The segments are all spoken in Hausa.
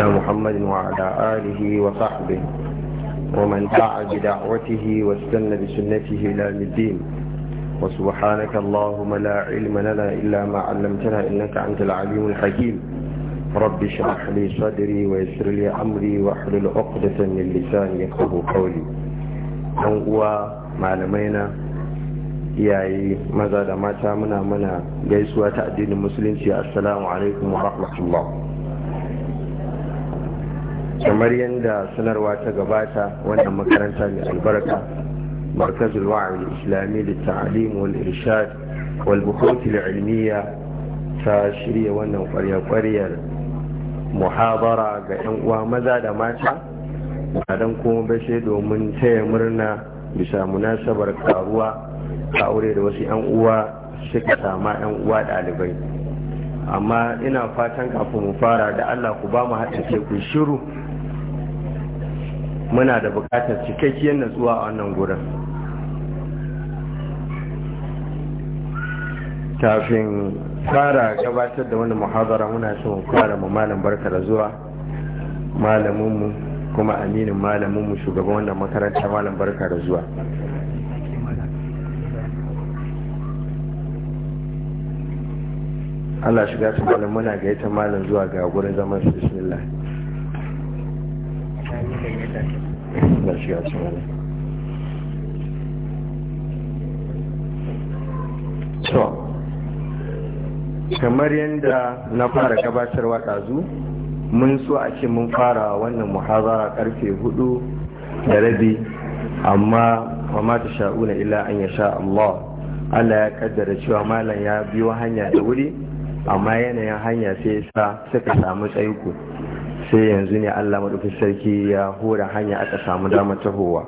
نبينا محمد وعلى آله وصحبه ومن دعا بدعوته واستنى بسنته إلى الدين وسبحانك اللهم لا علم لنا إلا ما علمتنا إنك أنت العليم الحكيم رب اشرح لي صدري ويسر لي أمري واحلل عقدة من لساني يفقهوا قولي dan uwa malamai na iyaye maza da mata muna mana gaisuwa ta addinin musulunci assalamu alaikum wa rahmatullah kamar yadda sanarwa ta gabata wannan makaranta mai albarka markazul wa'ayi islami da ta'alim wal irshad wal bukutul ilmiya ta shirya wannan kwarya-kwaryar muhabara ga 'yan uwa maza da mata ba don kuma bashe domin taya murna bisa munasabar karuwa a aure da wasu 'yan uwa suka sama 'yan uwa ɗalibai amma ina fatan kafin mu fara da allah ku ba mu haɗin ku shiru muna da bukatar cikakkiyar natsuwa a wannan gurin kafin fara gabatar da wani muhazara muna son kwara mu malam barka da zuwa malaminmu kuma aminin malaminmu shugaban wannan makaranta malam barka da zuwa Allah shiga su malam muna ta malam zuwa ga gurin zaman bismillah kamar yadda na fara gabatarwa ɗazu mun so a ce mun fara wannan muhazara karfe hudu da rabi amma wa ta sha'una ila an ya sha Allah Allah ya kaddara cewa malam ya biyo hanya da wuri amma yanayin hanya sai ya sa suka samu tsaiko sai yanzu ne allah maɗauki sarki ya hura hanya aka samu damar tahowa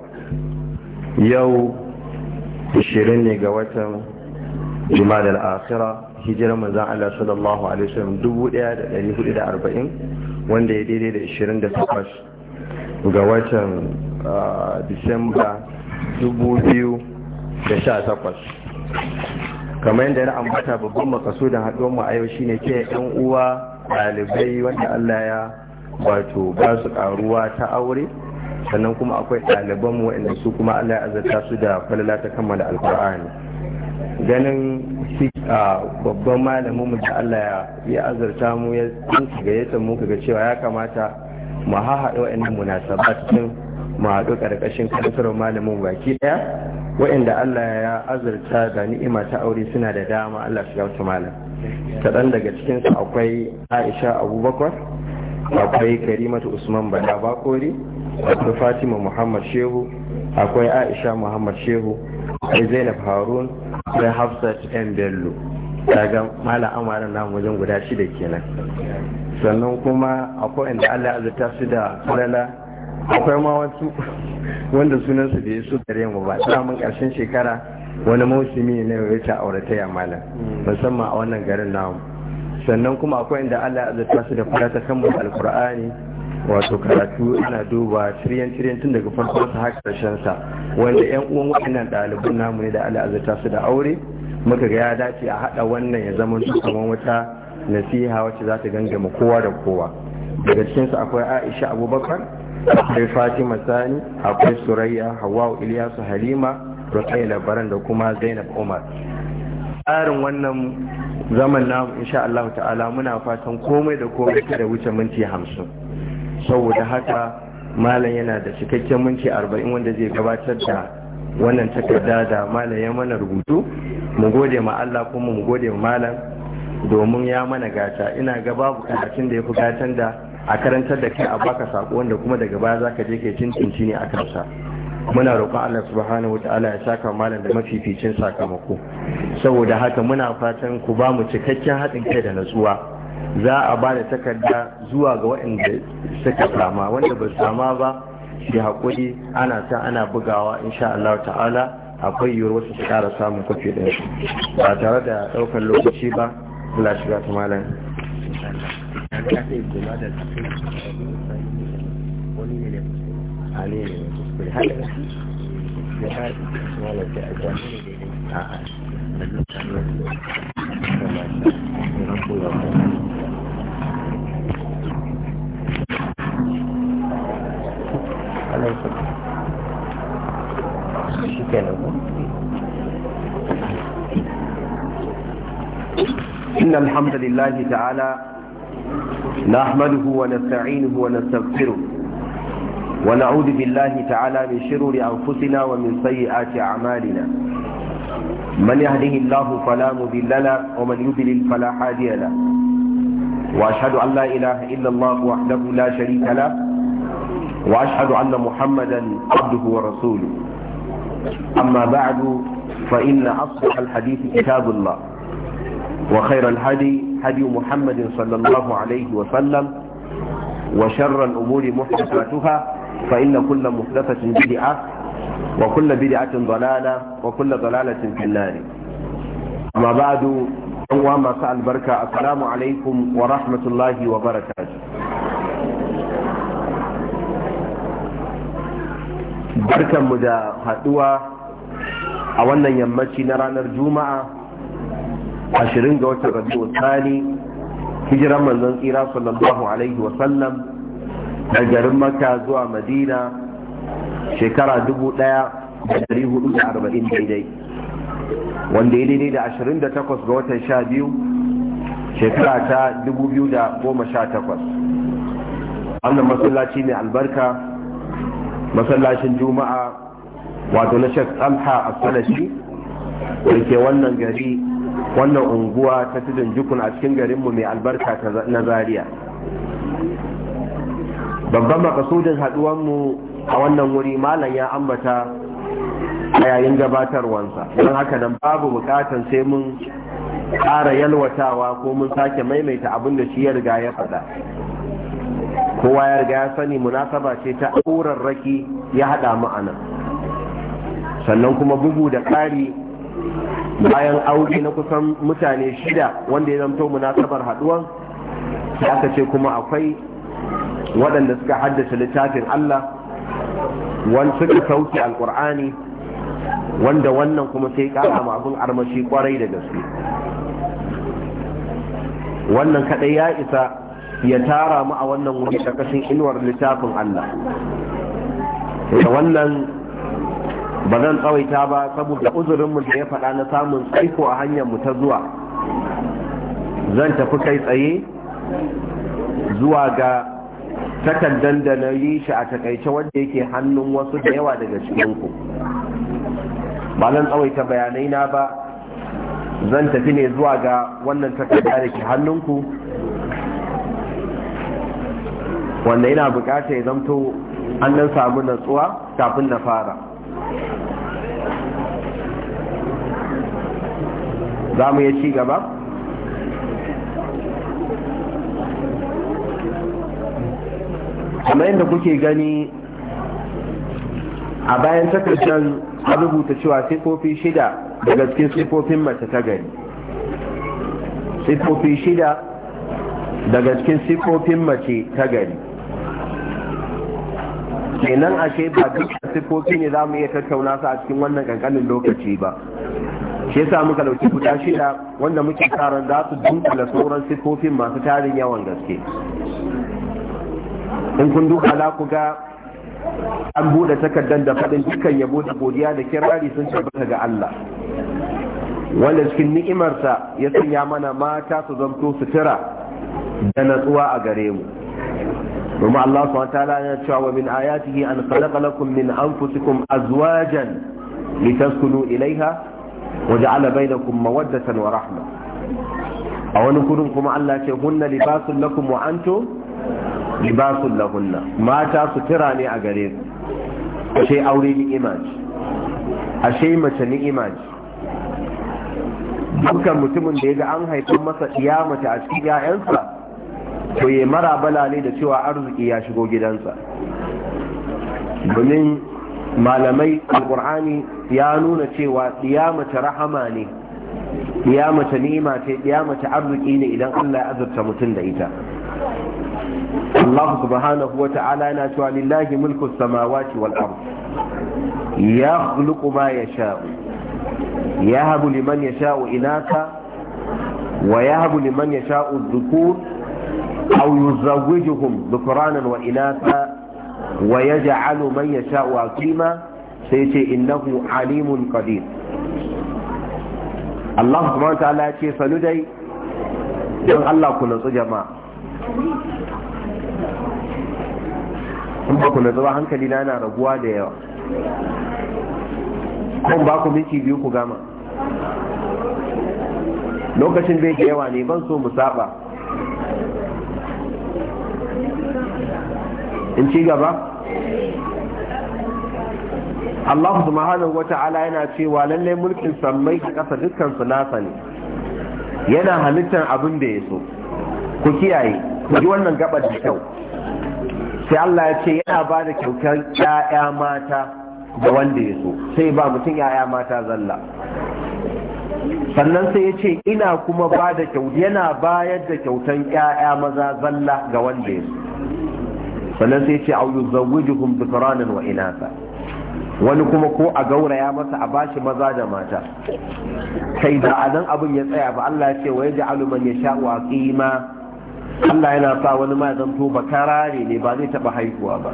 yau 20 ne ga watan jima'a al-akhira hijirar manzan allah sallallahu alaihi wasallam arba'in, wanda ya daidai da da takwas, ga watan ah, disamba dubu biyu da sha takwas kamar yadda na ambata babban makasudin haɗuwar mu a yau shine ke yan uwa ɗalibai wanda allah ya wato ba su karuwa ta aure sannan kuma akwai ɗaliban mu waɗanda su kuma Allah ya azarta su da falala ta kammala alkur'ani ganin babban malamin mu da Allah ya azarta mu ya gayyata mu kaga cewa ya kamata mu hahaɗa waɗannan munasabat din mu haɗu ƙarƙashin karantarwar malamin baki ɗaya waɗanda Allah ya azarta da ni'ima ta aure suna da dama Allah shiga wata malam kaɗan daga cikinsu akwai Aisha Abubakar akwai karimatu usman bala bakori akwai fatima muhammad shehu akwai aisha muhammad shehu akwai zainab harun akwai hafsat yan bello daga mala amaran namu wajen guda shida kenan sannan kuma akwai inda allah azuta su da kulala akwai ma wasu wanda sunansu da ya su gare mu ba samun karshen shekara wani mausumi ne na yawaita auratayya malam musamman a wannan garin namu sannan kuma akwai inda Allah ya zata su da kula kan kammala alkur'ani wato karatu ana duba shiryen shiryen tun daga farkon sa har karshen sa wanda yan uwan wannan ɗaliban namu ne da Allah ya zata su da aure muka ga ya dace a haɗa wannan ya zama kamar wata nasiha wacce za ta gangama kowa da kowa daga cikin su akwai Aisha Abubakar akwai Fatima Sani akwai Surayya Hawwa Ilyasu Halima Rukayla Baran da kuma Zainab Umar tsarin wannan zaman namu insha Allah ta'ala muna fatan komai da komai da wuce minti hamsin saboda haka malam yana da cikakken minti arba'in wanda zai gabatar da wannan takarda da malam ya mana rubutu mu gode ma Allah kuma mu gode ma malam domin ya mana gata ina ga babu karatun da ya fi gatan da a karantar da kai a baka sako wanda kuma daga baya zaka je kai cincinci ne a kansa muna roƙon Allah subhanahu wata'ala ya saka malam da mafificin sakamako saboda haka muna fatan ku ba mu cikakken haɗin kai da natsuwa za a ba da takarda zuwa ga waɗanda suka sama wanda ba sama ba shi haƙuri ana san ana bugawa insha Allah ta'ala akwai yiwuwar wasu su ƙara samun kofi ɗin ba tare da ɗaukar lokaci ba Allah shiga ta malam wani ne إن الحمد لله تعالى نحمده ونستعينه ونستغفره ونعوذ بالله تعالى من شرور أنفسنا ومن سيئات أعمالنا من يهده الله فلا مذل له ومن يذلل فلا هادي له وأشهد أن لا إله إلا الله وحده لا شريك له وأشهد أن محمدا عبده ورسوله أما بعد فإن أصلح الحديث كتاب الله وخير الهدي هدي محمد صلى الله عليه وسلم وشر الأمور محدثاتها فإن كل محدثة بدعة وكل بدعة ضلالة وكل ضلالة في النار أما بعد وما سأل بركة السلام عليكم ورحمة الله وبركاته بركة مدى هدوى أولا يمشي نرانا الجمعة عشرين جوة الربيع الثاني hijiran manzon tsira sallallahu alaihi wasallam a garin maka zuwa madina shekara 1440 daidai wanda ya daidai da 28 ga watan 12 shekara ta 2018 wannan masallaci ne albarka masallacin juma'a wato na shek talha a salashi da ke wannan gari wannan unguwa ta tudun jukun a cikin garinmu mai albarka na Zariya. babban makasudin mu a wannan wuri malam ya ambata a yayin gabatarwansa don haka nan babu bukatan sai mun ƙara yalwatawa ko mun sake maimaita abin da shi ya riga ya faɗa kowa ya riga ya sani munasaba ce ta raki ya haɗa mu a nan sannan kuma bugu da ƙari bayan aure na kusan mutane shida wanda ya zamto munasabar haɗuwan ya ce kuma akwai waɗanda suka haddace littafin Allah wanda suka sauki alkur'ani wanda wannan kuma sai ƙara ma abin armashi kwarai da gaske wannan kaɗai ya isa ya tara mu a wannan wuri ƙarƙashin inuwar littafin Allah da wannan ba zan tsawaita ba saboda uzurinmu da ya faɗa na samun tsaiko a hanyar mu ta zuwa zan tafi kai tsaye zuwa ga Takan dandana na yi shi a takaice wanda yake hannun wasu da yawa daga cikinku ba nan tsawaita bayanai na ba zan tafi ne zuwa ga wannan takarda da ke hannunku wanda yana bukata ya zamto an nan samu natsuwa kafin na fara za mu yi ci gaba kamar yadda kuke gani a bayan takardar a rubuta cewa sifofi shida daga cikin sifofin mace ta gari sifofi shida daga cikin sifofin mace ta gari kenan ashe ba duk sifofi ne za mu iya tattauna su a cikin wannan kankanin lokaci ba shi yasa muka dauki guda shida wanda muke tsara za su dunkula sauran sifofin masu tarin yawan gaske in kun duka za ku ga an buɗe takardar da faɗin dukkan yabo da godiya da kirari sun tabbata ga Allah wanda cikin ni'imarsa ya sanya mana mata su zamto sutura da natsuwa a gare mu kuma Allah subhanahu ta'ala ya cewa wa min ayatihi an khalaqa lakum min anfusikum azwajan litaskunu ilaiha wa ja'ala bainakum mawaddatan wa rahma a wani gurin kuma Allah ce hunna libasun lakum wa antum libasun lahunna mata sutura ne a gare su ashe aure ni'ima ce ashe mace ni'ima ce dukkan mutumin da ya ga an haifar masa iya mace a cikin 'ya'yansa to ya mara ne da cewa arziki ya shigo gidansa domin malamai alkur'ani ya nuna cewa iya mace rahama ne iya mace ni'ima ce iya mace arziki ne idan allah ya azurta mutum da ita الله سبحانه وتعالى ناتوا لله ملك السماوات والأرض يخلق ما يشاء يهب لمن يشاء إناثا ويهب لمن يشاء الذكور أو يزوجهم ذكرانا وإناثا ويجعل من يشاء عقيما سيتي إنه عليم قدير الله سبحانه وتعالى سندي الله كنا جماعه in ba ku zuba, hankali na yana raguwa da yawa kun ba ku minti biyu ku gama lokacin bai da yawa ne ban so mu saba in ci gaba Allah subhanahu wa ta'ala yana cewa lallai mulkin sammai da ƙasa dukkan su nasa ne yana halittar abin da ya so ku kiyaye ku ji wannan gabar da kyau sai Allah ya ce yana ba da kyautar ‘ya'ya mata da wanda ya so sai ba mutum ‘ya'ya mata zalla sannan sai ya ce ina kuma ba da yana bayar da kyautar ‘ya'ya maza zalla ga wanda ya so sannan sai ya ce auyu zawujuhum dhukranan wa inasa wani kuma ko a gauraya masa a bashi maza da mata sai da anan abin ya tsaya ba Allah ya ce wa yaj'alu man yasha'u aqima Allah yana sa wani ma zanto ba karare ne ba zai taba haihuwa ba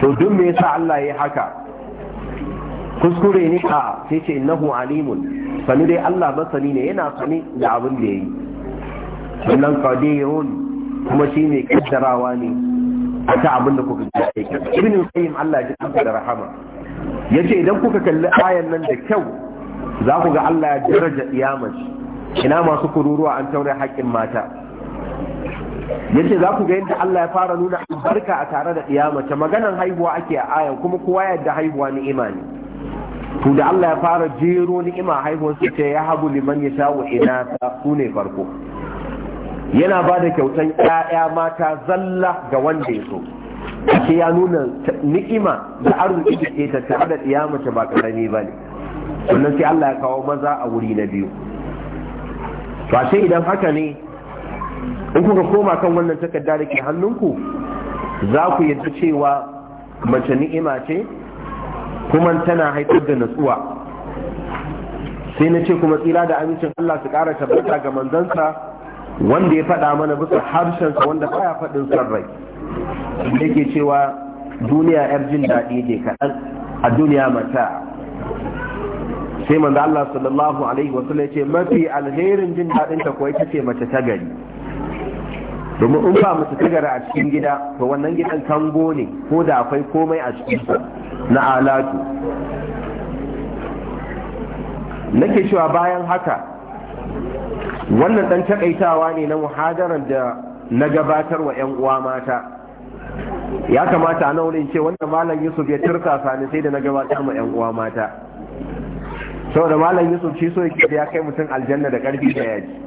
to duk me yasa Allah ya haka kuskure ne a sai ce innahu alimun sani dai Allah masani ne yana sani da abin da yayi sannan qadirun kuma shi ne kaddarawa ne a ta abin da kuka ji yake ibn qayyim Allah ya ji da rahama yace idan kuka kalli ayan nan da kyau za ku ga Allah ya daraja kiyamar ina masu kururuwa an taure haƙƙin mata yace za ku ga yadda Allah ya fara nuna albarka a tare da kiyamace maganan haihuwa ake a ayan kuma kowa yadda haihuwa ni'ima ne to da Allah ya fara jero ni'ima haihuwar su ce ya habu liman ya sha wa ina ta su ne farko yana ba da kyautan ƴaƴa mata zalla ga wanda ya so ake ya nuna ni'ima da arziki da ke tattare da kiyamace ba karami ba ne sannan sai Allah ya kawo maza a wuri na biyu to idan haka ne in kuka koma kan wannan takarda da ke hannunku za ku yadda cewa mace ni'ima ce kuma tana haifar da natsuwa sai na ce kuma tsira da amincin Allah su ƙara tabbata ga manzansa wanda ya faɗa mana bisa harshensa wanda baya faɗin sarrai rai ke cewa duniya yar jin daɗi ne kaɗan a duniya mata sai manzo Allah sallallahu alaihi wasallam ya ce mafi alherin jin daɗin ta ko ita ce mace ta gari domin in ba musu sigara a cikin gida to wannan gidan tango ne ko da akwai komai a cikin na alatu nake cewa bayan haka wannan dan takaitawa ne na muhadarar da na gabatar wa 'yan uwa mata ya kamata a naurin ce wanda malam yusuf ya turka sani sai da na gabatar ma 'yan uwa mata saboda malam yusuf shi so yake ya kai mutum aljanna da karfi da yaji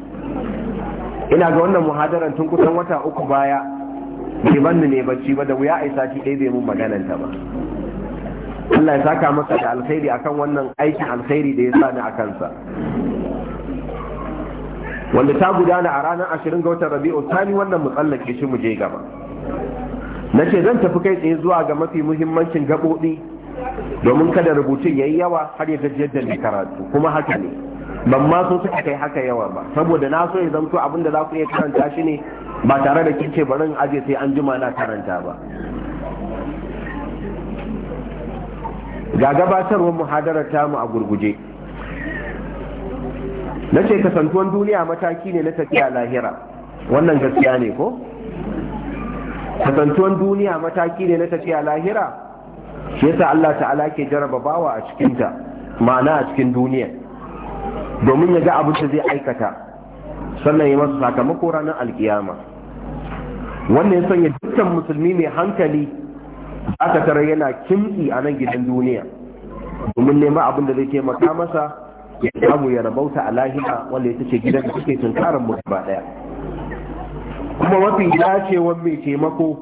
ina ga wannan muhadaran tun kusan wata uku baya bai banni ne bacci ba da wuya a sati ɗaya bai mun maganan ta ba Allah ya saka masa da alkhairi akan wannan aikin alkhairi da ya sa ni a kansa wanda ta gudana a ranar ashirin ga watan rabi'u tani wannan mu tsallake shi mu je gaba na ce zan tafi kai tsaye zuwa ga mafi muhimmancin gaɓoɗi domin kada rubutun ya yi yawa har ya gajiyar da karatu kuma haka ne ban ma so suka kai haka yawa ba saboda na so ya zamto abin da za ku iya karanta shi ne ba tare da kin ce barin aje sai an jima na karanta ba ga gabatarwar muhadarar tamu a gurguje na ce kasantuwan duniya mataki ne na tafiya lahira wannan gaskiya ne ko kasantuwan duniya mataki ne na tafiya lahira shi yasa Allah ta'ala ke jaraba bawa a cikinta ma'ana a cikin duniya domin ya ga abin da zai aikata sannan ya masa sakamako ranar alkiyama wannan ya sanya dukkan musulmi mai hankali aka tara yana kimki a nan gidan duniya domin nema abin da zai taimaka masa ya samu ya rabauta a lahira wanda ya tace gidan da suke tunkarar mu gaba daya kuma mafi dacewar mai taimako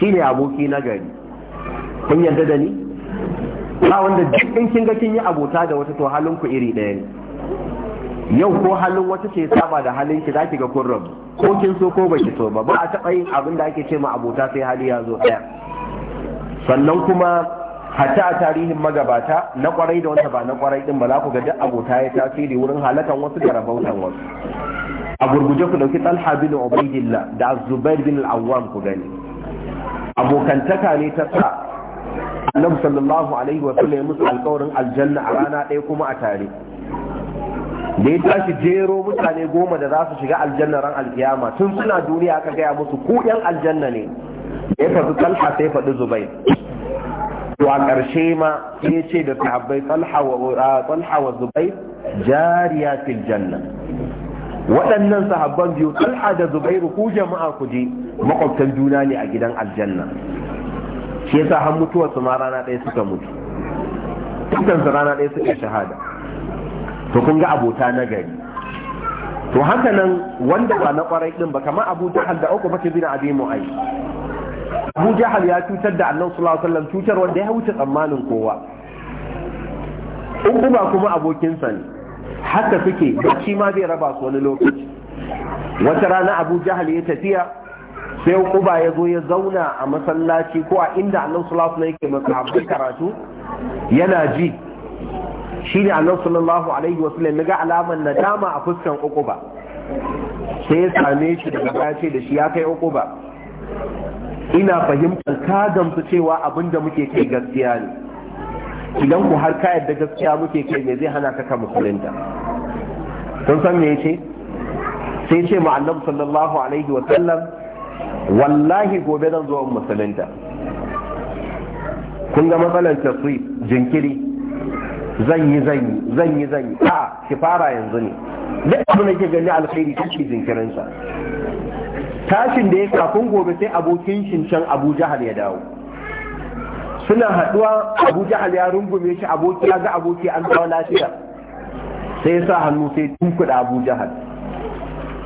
shine aboki na gari kun yarda da ni ba wanda duk kin ga kin yi abota da wata to halin ku iri daya ne yau ko halin wata ce saba da halin ki zaki ga kun ko kin so ko baki so ba ba a taɓa yin abin da ake ce ma abota sai hali ya zo ɗaya sannan kuma hatta a tarihin magabata na kwarai da wanda ba na kwarai din ba za ku ga duk abota ya tasiri wurin halakan wasu da rabautan wasu a gurguje ku dauki talha bin ubaidillah da zubair bin al-awwam ku gani abokantaka ne ta sa annabi sallallahu alaihi wa sallam musu alƙawarin aljanna a rana ɗaya kuma a tare da ya tashi jero mutane goma da za su shiga aljanna ran alkiyama tun suna duniya aka gaya musu ku yan aljanna ne ya faɗi talha sai faɗi zubai to a ƙarshe ma ya ce da sahabbai talha wa zubai jariya fil janna waɗannan sahabban biyu talha da zubairu ku jama'a ku je makwabtan juna ne a gidan aljanna shi yasa har mutuwarsu ma rana ɗaya suka mutu dukkan rana ɗaya suka shahada to kun ga abota na gari to haka nan wanda ba na kwarai din ba kamar Abu Jahal da Uqba bina Abi Mu'ayy Abu Jahal ya cutar da Annabi sallallahu alaihi wasallam cutar wanda ya wuce tsammanin kowa in kuma abokinsa ne haka suke bacci ma zai raba su wani lokaci wata rana Abu Jahal ya tafiya sai kuba ya zo ya zauna a masallaci ko a inda alaihi wasallam yake masa karatu yana ji ne annabi sallallahu alaihi wa sallam naga alaman nadama a fuskan ukuba sai ya same shi daga baya ce da shi ya kai ukuba ina fahimtar ka gamsu cewa abin da muke kai gaskiya ne idan ku har ka yadda gaskiya muke kai me zai hana ka ka musulunta sun san me yace sai ce ma annabi sallallahu alaihi wa sallam wallahi gobe zan zo musulunta kun ga matsalar tasiri jinkiri zan yi zan yi zan yi zan yi a ki fara yanzu ne duk abu da ke gani alkhairi ta ke jinkirin sa tashin da ya kafin gobe sai abokin shin can Abu Jahal ya dawo suna haduwa Abu Jahal ya rungume shi aboki ya ga aboki an dawo lafiya sai ya sa hannu sai tunkuɗa Abu Jahal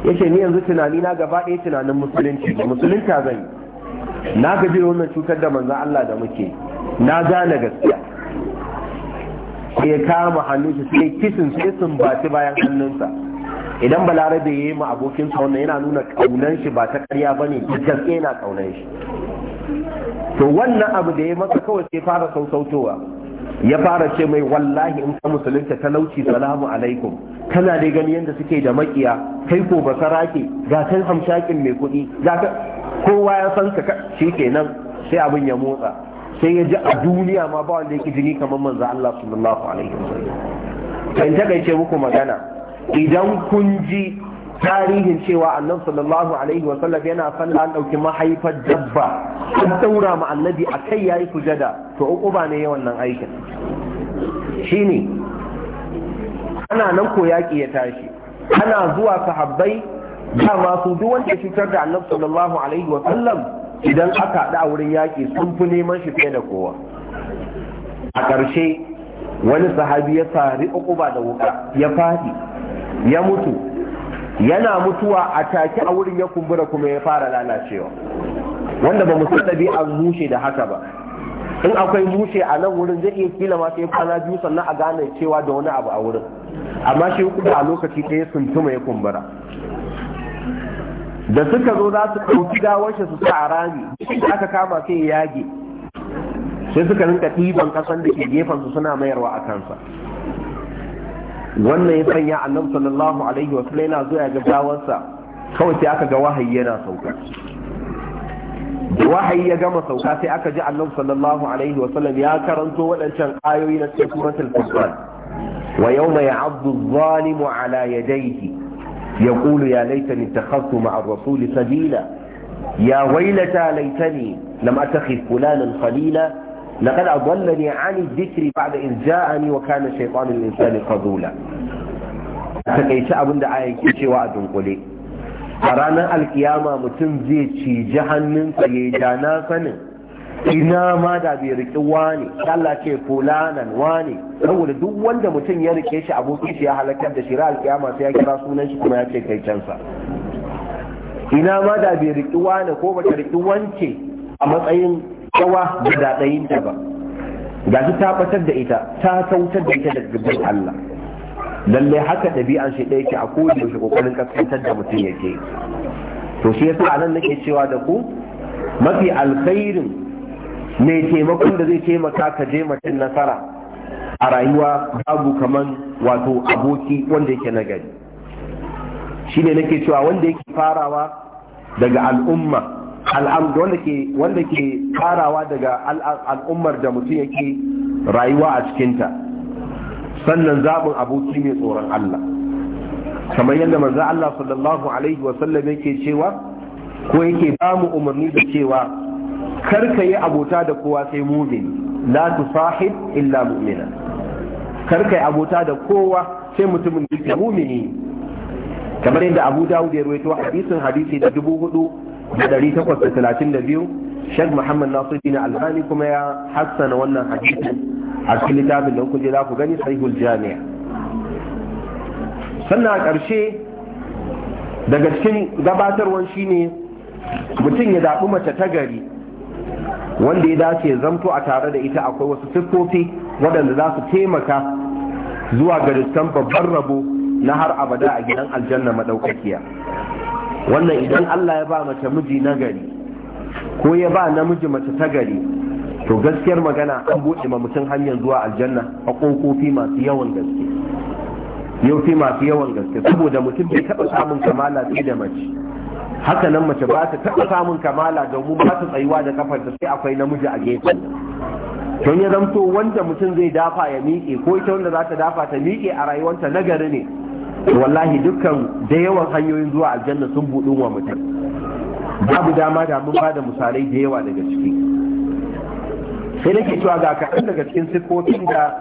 ce ni yanzu tunani na gaba ɗaya tunanin musulunci musulunta zan yi na gaji wannan cutar da manzan Allah da muke na gane gaskiya sai ya kama hannunsa sai kisin sai sun baci bayan hannunsa idan balarabe ya yi ma abokinsa wannan yana nuna kaunan shi ba ta karya ba ne gaske yana kaunan shi to wannan abu da ya masa kawai sai fara sausautowa ya fara ce mai wallahi in ka musulunta lauci salamu alaikum kana dai gani yadda suke da makiya kai ko ba sarake ga kan hamshakin mai kuɗi ga kowa ya san ka shi kenan sai abin ya motsa sai ya ji a duniya ma ba wanda yake jini kamar manzo Allah sallallahu alaihi wasallam kan ta gaice muku magana idan kun ji tarihin cewa annabi sallallahu alaihi wasallam yana sallah an dauki mahaifar dabba an daura ma annabi akai yayi kujada. to uquba ne yawan nan aikin shine ana nan ko yaki ya tashi ana zuwa sahabbai dama su duk wanda cutar da annabi sallallahu alaihi wasallam idan aka haɗu a wurin yaƙi sun fi neman shi fiye da kowa a ƙarshe wani sahabi ya sari ba da wuka ya fadi ya mutu yana mutuwa a take a wurin ya kumbura kuma ya fara lalacewa wanda ba musu ɗabi'ar mushe da haka ba in akwai mushe a nan wurin zai iya kila ma sai kwana biyu sannan a gane cewa da wani abu a wurin amma shi uquba a lokaci ɗaya sun tuma ya kumbura da suka zo za su ɗauki gawarsa su sa a rami aka kama sai ya yage sai suka rinka ɗiban ƙasan da ke gefen su suna mayarwa a kansa wannan ya sanya annabi sallallahu alaihi wa sallam yana zuwa ga gawarsa kawai sai aka ga wahayi yana sauka wahayi ya gama sauka sai aka ji annabi sallallahu alaihi wa sallam ya karanto waɗancan ayoyi na cikin suratul furqan wa yawma ya'addu adh-dhalimu ala yadayhi يقول يا ليتني اتخذت مع الرسول سبيلا يا ويلتى ليتني لم أتخذ فلانا خليلا لقد أضلني عن الذكر بعد إذ جاءني وكان شيطان الإنسان خذولا takaice abin da ayan ke cewa a dunkule a ranar alkiyama mutum zai ciji hannunsa ya ja na sanin ina ma da bai riƙi wani Allah ce fulanan wani saboda duk wanda mutum ya rike shi abokin shi ya halakar da shi ra alƙiyama sai ya kira sunan shi kuma ya ce kai cansa ina ma da bai riƙi wani ko ba ta riƙi wance a matsayin yawa da daɗayin ta ba ga shi ta fatar da ita ta kautar da ita daga gaban Allah lalle haka ɗabi'an shi ɗaya ke a kowace shi ƙoƙarin kaskantar da mutum yake to shi yasa anan nake cewa da ku mafi alkhairin mai taimakon da zai taimaka ka je mutum nasara a rayuwa babu kamar wato aboki wanda yake nagari shi ne nake cewa wanda yake farawa daga al'umma wanda ke farawa daga al'ummar da mutum yake rayuwa a cikinta sannan zaɓin aboki mai tsoron Allah kamar yadda manzo Allah sallallahu alaihi wasallam yake cewa ko yake ba mu umarni da cewa kar ka yi abota da kowa sai mumin la sahib illa mu'mina kar ka yi abota da kowa sai mutumin da mumini kamar yadda Abu Dawud ya rawaito hadisin hadisi da 4832 Sheikh Muhammad Nasiruddin Albani kuma ya hassana wannan hadisi a cikin littafin da kuje za ku gani Sahihul Jami'a sannan a ƙarshe daga cikin gabatarwan shine mutum ya zaɓi mace ta gari wanda ya dace zamto a tare da ita akwai wasu siffofi waɗanda za su taimaka zuwa ga babban rabo na har abada a gidan aljanna madaukakiya wannan idan Allah ya ba mace miji na gari ko ya ba namiji mace ta gari to gaskiyar magana an buɗe ma mutum hanyar zuwa aljanna a ƙofofi masu yawan gaske yaufi masu yawan gaske saboda mutum bai taɓa samun kamala sai da mace haka nan mace ba ta taɓa samun kamala domin ba ta tsayuwa da kafar da sai akwai namiji a gefen don ya zamto wanda mutum zai dafa ya miƙe ko ita wanda za ta dafa ta miƙe a rayuwarta nagari ne wallahi dukkan da yawan hanyoyin zuwa aljanna sun buɗu wa mutum babu dama da mun bada misalai da yawa daga ciki sai nake cewa ga kaɗan daga cikin sifofin da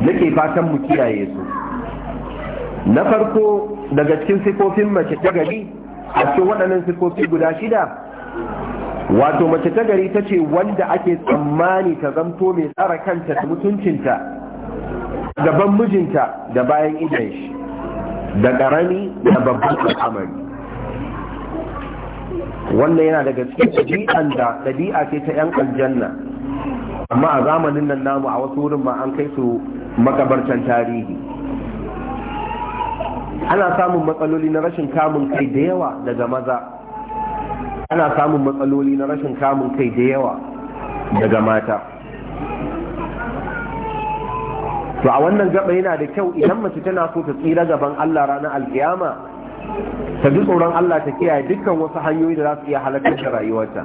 nake fatan mu kiyaye su na farko daga cikin sifofin mace ta gari a cikin waɗannan sifofi guda shida wato mace ta gari ta ce wanda ake tsammani ta zamto mai tsara kanta da mutuncinta gaban mijinta da bayan idan shi da ƙarami da babban al'amari wannan yana daga cikin ɗabi'an da ɗabi'a ce ta 'yan aljanna amma a zamanin nan namu a wasu wurin ma an kai su makabartar tarihi ana samun matsaloli na rashin kamun kai da yawa daga maza ana samun matsaloli na rashin kamun kai da yawa daga mata to a wannan gaba yana da kyau idan mace tana so ta tsira gaban Allah ranar alkiyama ta ji tsoron Allah ta kiyaye dukkan wasu hanyoyi da za su iya halakar da rayuwarta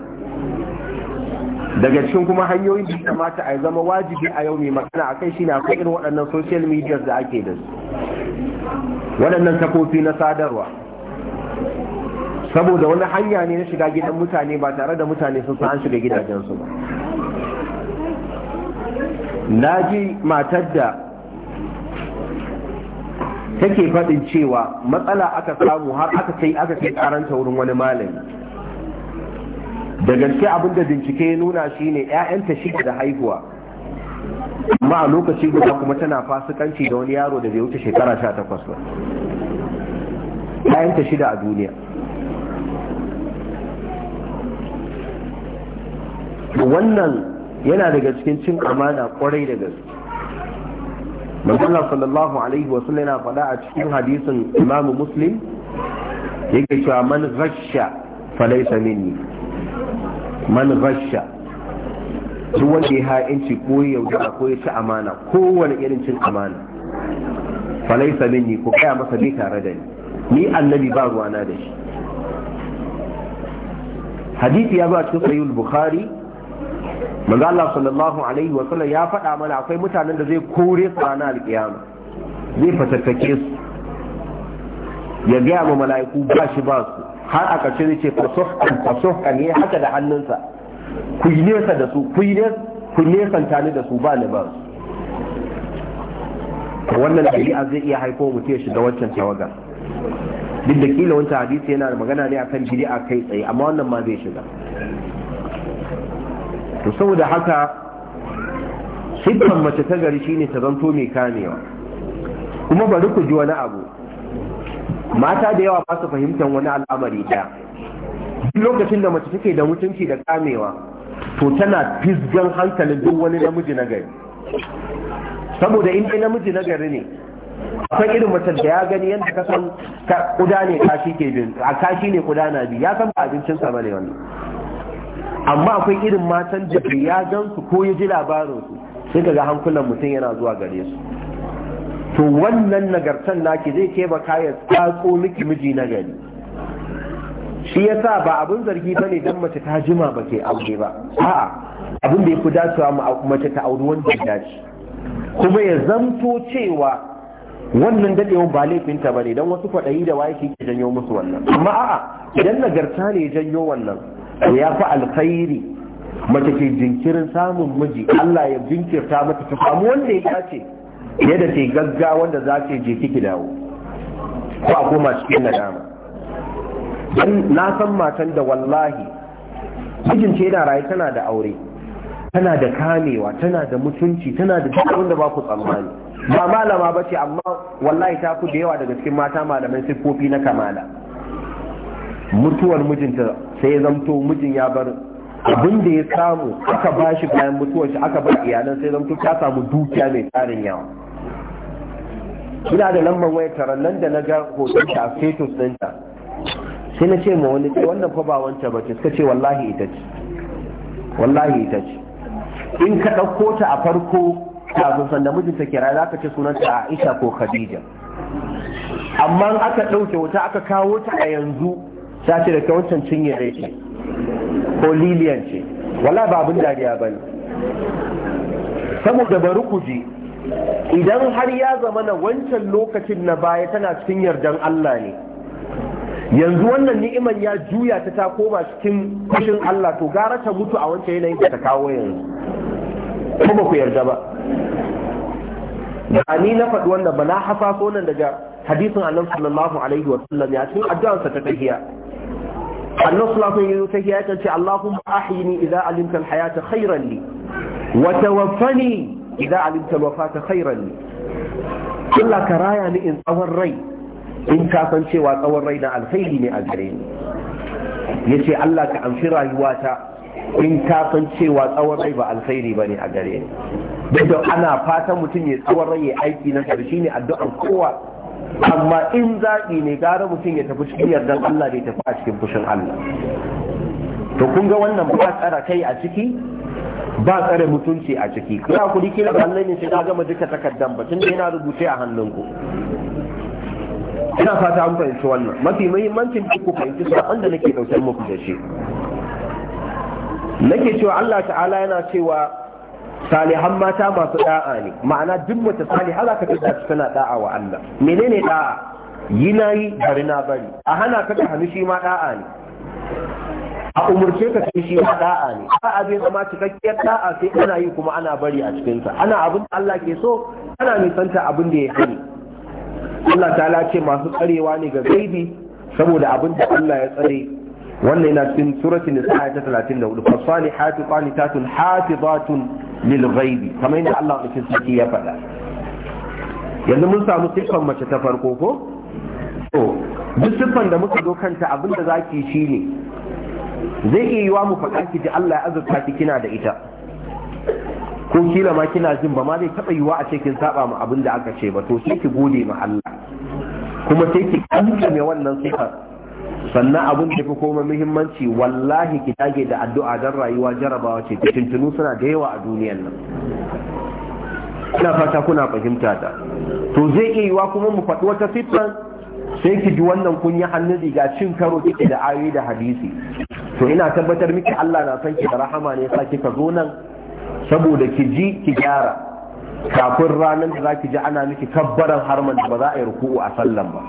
daga cikin kuma hanyoyin da kamata a zama wajibi a yau mai magana akai shine akwai irin waɗannan social media da ake da su waɗannan kafofi na sadarwa saboda wani hanya ne na shiga gidan mutane ba tare da mutane sun san an shiga gidajensu ba na ji matar da take faɗin cewa matsala aka samu har aka kai aka kai karanta wurin wani malami da gaske abinda bincike ya nuna shine 'ya'yanta shida da haihuwa amma a lokaci guda kuma tana fasikanci da wani yaro da zai wuce shekara sha takwas ba ta shida a duniya wannan yana daga cikin cin amana kwarai da gaske manzala sallallahu alaihi yana faɗa a cikin hadisin imamu muslim yake cewa man rasha falaisa minni man rasha. duk wanda ya ha'inci ko ya yaudara ko ya ci amana kowane irin cin amana falaisa minni ko kaya masa bai tare da ni ni annabi ba ruwana da shi hadisi ya zo a cikin sahihul bukhari manzo Allah sallallahu alaihi wa sallam ya faɗa mana akwai mutanen da zai kore su ranar alƙiyama zai fatattake su ya gaya ma mala'iku ba shi ba su har a ƙarshe zai ce fasuhkan fasuhkan ya haka da hannunsa ku yi nesa da su ku nesa ni da su ba ni ba su wannan ɗabi'a zai iya haifo mutu ya shiga waccan tawaga. duk da kila wancan hadisi yana da magana ne akan a kai tsaye amma wannan ma zai shiga to saboda haka sifan mace ta gari shine ta zanto mai kamewa kuma bari ku ji wani abu mata da yawa ba su fahimtar wani al'amari daya lokacin da mace take da mutunci da kamewa to tana fisgan hankalin duk wani namiji na gari saboda in dai namiji na gari ne akwai irin mace da ya gani yadda ka san kuda ne kashi ke bin a kashi ne kuda na bi ya san ba sa bane wannan amma akwai irin matan da ya gan su ko ya ji labarin su sai kaga hankulan mutum yana zuwa gare su to wannan nagartan naki zai taimaka ya tsatso miki miji na gari shi yasa ba abin zargi ne dan mace ta jima ba ke aure ba a'a abin da ya fi dacewa mace ta auri wanda ya dace kuma ya zamto cewa wannan dadewan ba laifinta ba ne don wasu kwaɗayi da waye ke janyo musu wannan amma a'a idan nagarta ne ya janyo wannan ya fi alkhairi mace ke jinkirin samun miji Allah ya jinkirta mata ta samu wanda ya dace yadda ke gaggawa wanda za ke je kiki dawo ko a koma cikin nadama dan na san matan da wallahi cikin ce yana raye tana da aure tana da kamewa tana da mutunci tana da duk wanda ba ku tsammani ba malama ba ce amma wallahi ta ku da yawa daga cikin mata malaman siffofi na kamala mutuwar mijinta sai ya zamto mijin ya bar abin da ya samu aka ba shi bayan mutuwar shi aka bar iyalan sai zamto ta samu dukiya mai tsarin yawa ina da lambar wayar taron nan da na ga hoton ta a fetus ɗinta sai na ce ma wani ce eh, wannan fa ba wancan ba ce suka ce wallahi ita ce wallahi ita ce in ka ɗauko ta a farko kafin sanda mijinta kira za ka ce sunanta Aisha ko Khadija amma aka ɗauke wuta aka kawo ta a yanzu ta ce da wancan cinye rai ce ko liliyan ce wala ba abin dariya ba ne saboda bari ku ji idan har ya zama na wancan lokacin na baya tana cikin yardan Allah ne yanzu wannan ni'iman ya juya ta ta koma cikin kushin Allah to gara ta mutu a wancan yanayin da ta kawo yanzu Kuma ba ku yarda ba da ni na faɗi wannan ba na hafaso nan daga hadisin annabi sallallahu alaihi wa sallam ya cikin sa ta tahiya annabi sallallahu alaihi wa sallam ya ce Allahumma ahyini idza alimta al-hayata khayran li wa tawaffani idza alimta al-wafata khayran li Allah ka raya ni in tsawon rai in ka san cewa tsawon rai na ne a gare ni Ya ce Allah ka amshi rayuwata in ka san cewa tsawon rai ba alkhairi ba ne a gare ni duk da ana fatan mutum ya tsawon rai ya aiki na karshe ne addu'ar kowa amma in zaɓi ne gara mutum ya tafi cikin yardan Allah da ya tafi a cikin fushin Allah to kun ga wannan ba tsara kai a ciki ba tsare mutunci a ciki kuma ku dikira Allah ne sai ka gama duka takardar ba da yana rubuce a hannunku ina fata an fahimci wannan mafi muhimmancin ku fahimci an da nake ɗaukar muku da shi nake cewa Allah ta'ala yana cewa salihan mata masu da'a ne ma'ana duk mace saliha za ka tada tana da'a wa Allah menene da'a yi na yi bari na bari a hana ka ta hannu shi ma da'a ne a umurce ka shi ma da'a ne a abin zama cikakkiyar da'a sai ana yi kuma ana bari a cikinsa ana abin da Allah ke so ana nisanta abin da ya sani Allah ta lace masu tsarewa ne ga gaibi saboda abin da Allah ya tsare wannan yana cikin suratul nisa ta 34 fasalihatu qanitatun hafizatun lil ghaibi kamar yadda Allah ya saki ya faɗa yanzu mun samu siffan mace ta farko ko to duk siffan da muka zo kanta abin da zaki shine zai iya yiwa mu faɗa ki ji Allah ya azurta ki kina da ita ko kila ma kina jin ba ma zai taɓa yiwa a ce kin saba ma abin da aka ce ba to sai ki gode ma Allah kuma sai ki mai wannan sifar sannan abin da fi koma muhimmanci wallahi ki dage da addu'a don rayuwa jarabawa ce tuntunu suna da yawa a duniyar nan ina fata kuna fahimta ta to zai iya yiwa kuma mu faɗi wata siffar sai ki ji wannan kun yi hannun riga cin karo kike da ayoyi da hadisi to ina tabbatar miki Allah na san ki da rahama ne sa kika zo nan saboda ki ji ki gyara kafin ranar da za ki ji ana miki kabbaran harman da ba za a yi ruku'u a sallan ba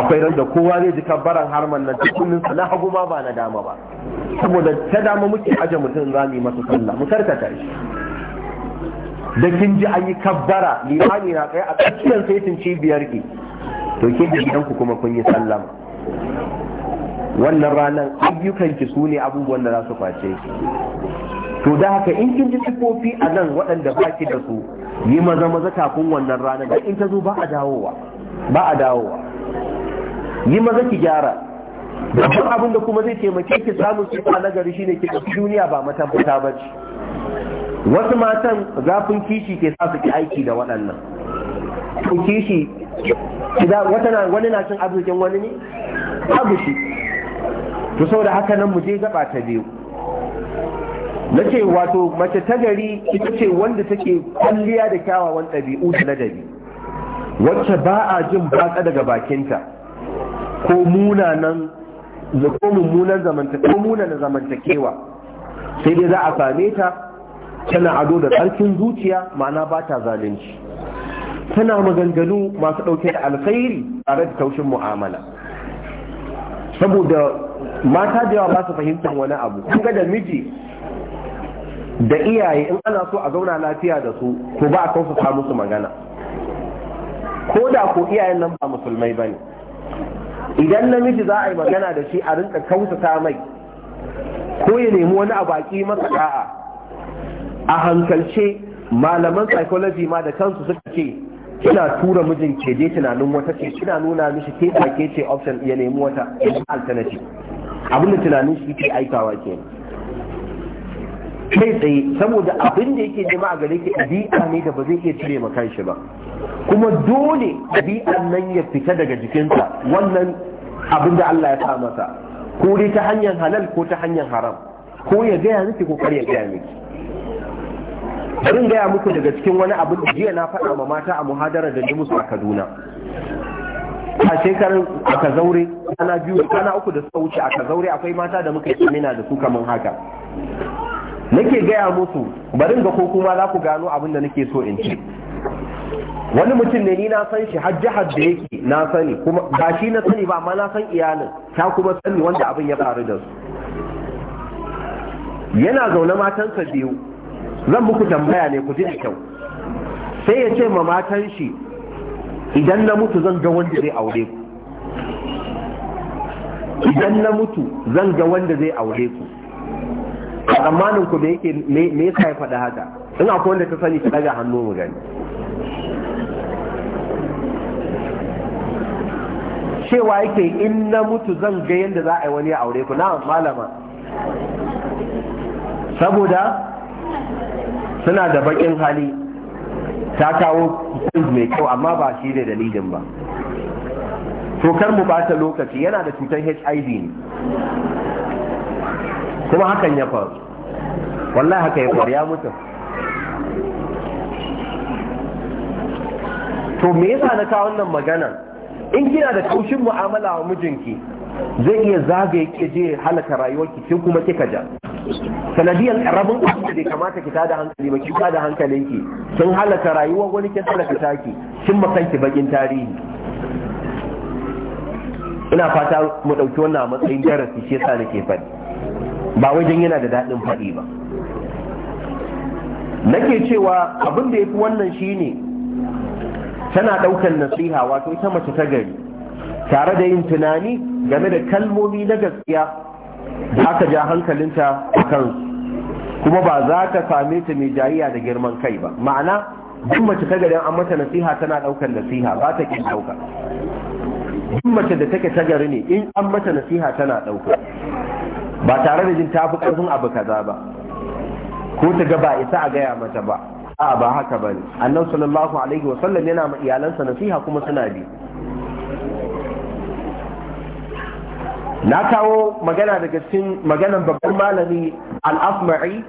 akwai ran da kowa zai ji kabbaran harman nan tukunin na hagu ma ba na dama ba saboda ta dama muke aje mutum za yi masa sallah mu karkata shi da kin ji an yi kabbara limami na kai a tsakiyar saitin cibiyar ki to ji da gidanku kuma kun yi sallama wannan ranar ayyukan ki su ne abubuwan da za su kwace ki to da haka in kin ji sifofi a nan waɗanda ba ki da su yi maza maza kafin wannan rana da in ta zo ba a dawowa ba a dawowa yi maza ki gyara duk abin da kuma zai taimake ki samun sifa na gari shine ki ɗauki duniya ba matabbata ba ce wasu matan zafin kishi ke sa su ki aiki da waɗannan kun kishi wani na cin arzikin wani ne abu shi to saboda haka nan mu je gaba ta biyu na ce wato mace ta gari ita ce wanda take kwalliya da kyawawan ɗabi'u da ladabi wacce ba a jin batsa daga bakinta ko munanan ko mummunan zamantakewa ko munanan zamantakewa sai dai za a same ta tana ado da ƙarfin zuciya ma'ana ba ta zalunci tana maganganu masu ɗauke da alkhairi tare da taushin mu'amala saboda mata da yawa ba su fahimtar wani abu kun ga da miji da iyaye in ana so a zauna lafiya da su ko ba a kausasa musu magana ko da ko iyayen nan ba musulmai ba ne idan namiji za a yi magana da shi a rinka kausata mai ko ya nemi wani a baki masa da'a a hankalce malaman psychology ma da kansu suka ce kina tura mijin ke je tunanin wata ce kina nuna mishi ke ke ce option ya nemi wata alternative abinda tunanin shi ke aikawa ke. kai tsaye saboda abin da yake nema a gare ki ɗabi'a ne da ba zai iya cire maka shi ba kuma dole ɗabi'an nan ya fita daga jikinsa wannan abin da Allah ya sa masa ko dai ta hanyar halal ko ta hanyar haram ko ya gaya miki ko kar ya gaya miki bari in gaya muku daga cikin wani abin da jiya na faɗa ma mata a muhadarar da ni musu a Kaduna a shekarun a kazaure ana biyu ana uku da suka wuce a kazaure akwai mata da muka yi da su kamar haka nake gaya musu barin ga ko kuma za ku gano abin da nake so in ce wani mutum ne ni na san shi har jihar da yake na sani kuma ba shi na sani ba amma na san iyalin ta kuma sani wanda abin ya faru da su yana zaune matansa biyu zan muku tambaya ne ku ji kyau sai ya ce ma matan shi idan na mutu zan ga wanda zai aure ku idan na mutu zan ga wanda zai aure ku a tsammanin ku me yake me yasa ya faɗa haka in akwai wanda ta sani ka daga hannu mu gani cewa yake in na mutu zan ga yadda za a yi wani ya aure ku na malama saboda suna da bakin hali ta kawo mai kyau amma ba shi ne dalilin ba to kar mu ta lokaci yana da cutar hiv ne kuma hakan ya faru wallahi haka ya faru ya mutu to me yasa na kawo wannan magana in kina da kaushin mu'amala wa mijinki zai iya zagaye ke je halaka rayuwarki ki kuma kika ja sanadiyar rabin kuɗi da kamata ki tada hankali ba ki tada hankalinki sun halaka rayuwar wani kin halaka taki kin makanki bakin tarihi ina fata mu ɗauki wannan matsayin darasi shi yasa nake faɗi ba wajen yana da daɗin faɗi ba nake cewa abin da ya fi wannan shine tana ɗaukar nasiha wato ita mace ta gari tare da yin tunani game da kalmomi na gaskiya da aka ja hankalinta a kansu kuma ba za ka same ta mai jariya da girman kai ba ma'ana duk mace ta gari an mata nasiha tana ɗaukar nasiha ba ta kin ɗauka duk mace da take ta gari ne in an mata nasiha tana ɗauka ba tare da jin ta fi ƙarfin abu kaza ba ko ta ga ba isa a gaya mata ba a ba haka ba ne annan sallallahu alaihi wa sallam yana ma iyalansa nasiha kuma suna bi na kawo magana daga cikin maganan babban malami al-asma'i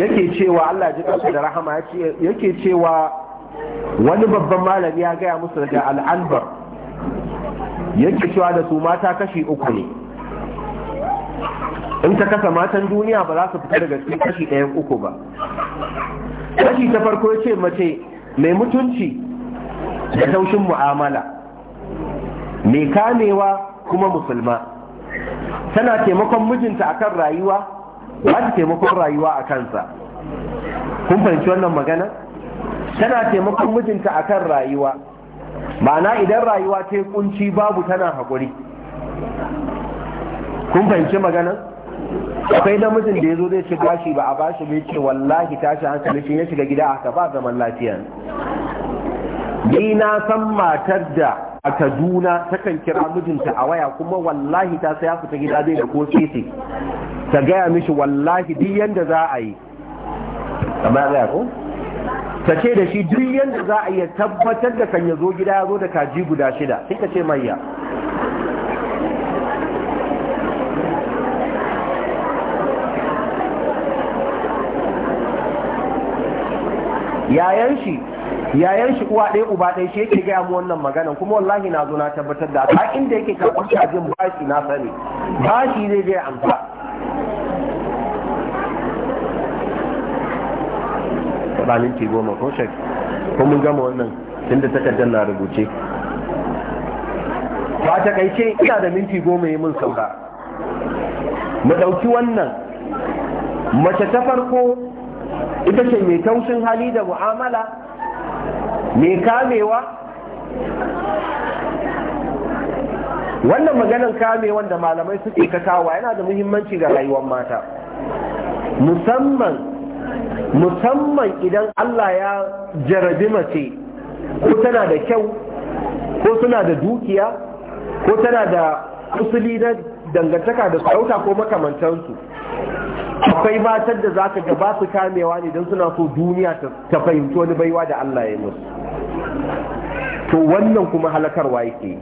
yake cewa Allah ji kansa da rahama yake cewa wani babban malami ya gaya musu daga al-albar yake cewa da su mata kashi uku ne in ta kasa matan duniya ba za su fita daga cikin kashi ɗayan uku ba kashi ta farko ce mace mai mutunci da taushin mu'amala mai kamewa kuma musulma tana taimakon mijinta akan rayuwa ba ta taimakon rayuwa a kansa kun fahimci wannan magana tana taimakon mijinta akan rayuwa ma'ana idan rayuwa ta kunci babu tana haƙuri kun fahimci magana akwai namijin da ya zo zai ci gashi ba a bashi bai ce wallahi tashi hankali shi ya shiga gida ka ba zaman lafiya ni na san matar da a kaduna takan kira mijinta a waya kuma wallahi ta sai ya fita gida zai da ko sisi ta gaya mishi wallahi duk yanda za a yi amma ko ta ce da shi duk yanda za a yi tabbatar da kan yazo gida ya zo da kaji guda shida sai ka ce mayya yayan shi yayan shi uwa ɗaya uba ɗaya shi yake gaya mu wannan magana kuma wallahi na zo na tabbatar da ta inda yake karɓar ba bashi na sani bashi zai je amsa ba minti goma ko shek ko mun gama wannan tunda takardar na rubuce ba ta kaice ina da minti goma yi mun saura mu ɗauki wannan mace ta farko ita ce mai taushin hali da mu'amala mai kamewa wannan maganan kamewan da malamai suke kakawa yana da muhimmanci ga rayuwar mata musamman musamman idan Allah ya jarabi mace ko tana da kyau ko suna da dukiya ko tana da usuli na dangantaka da sauta ko makamantansu akwai matar da za ka gaba su kamewa ne don suna so duniya ta fahimci wani baiwa da Allah ya musu to wannan kuma halakarwa yake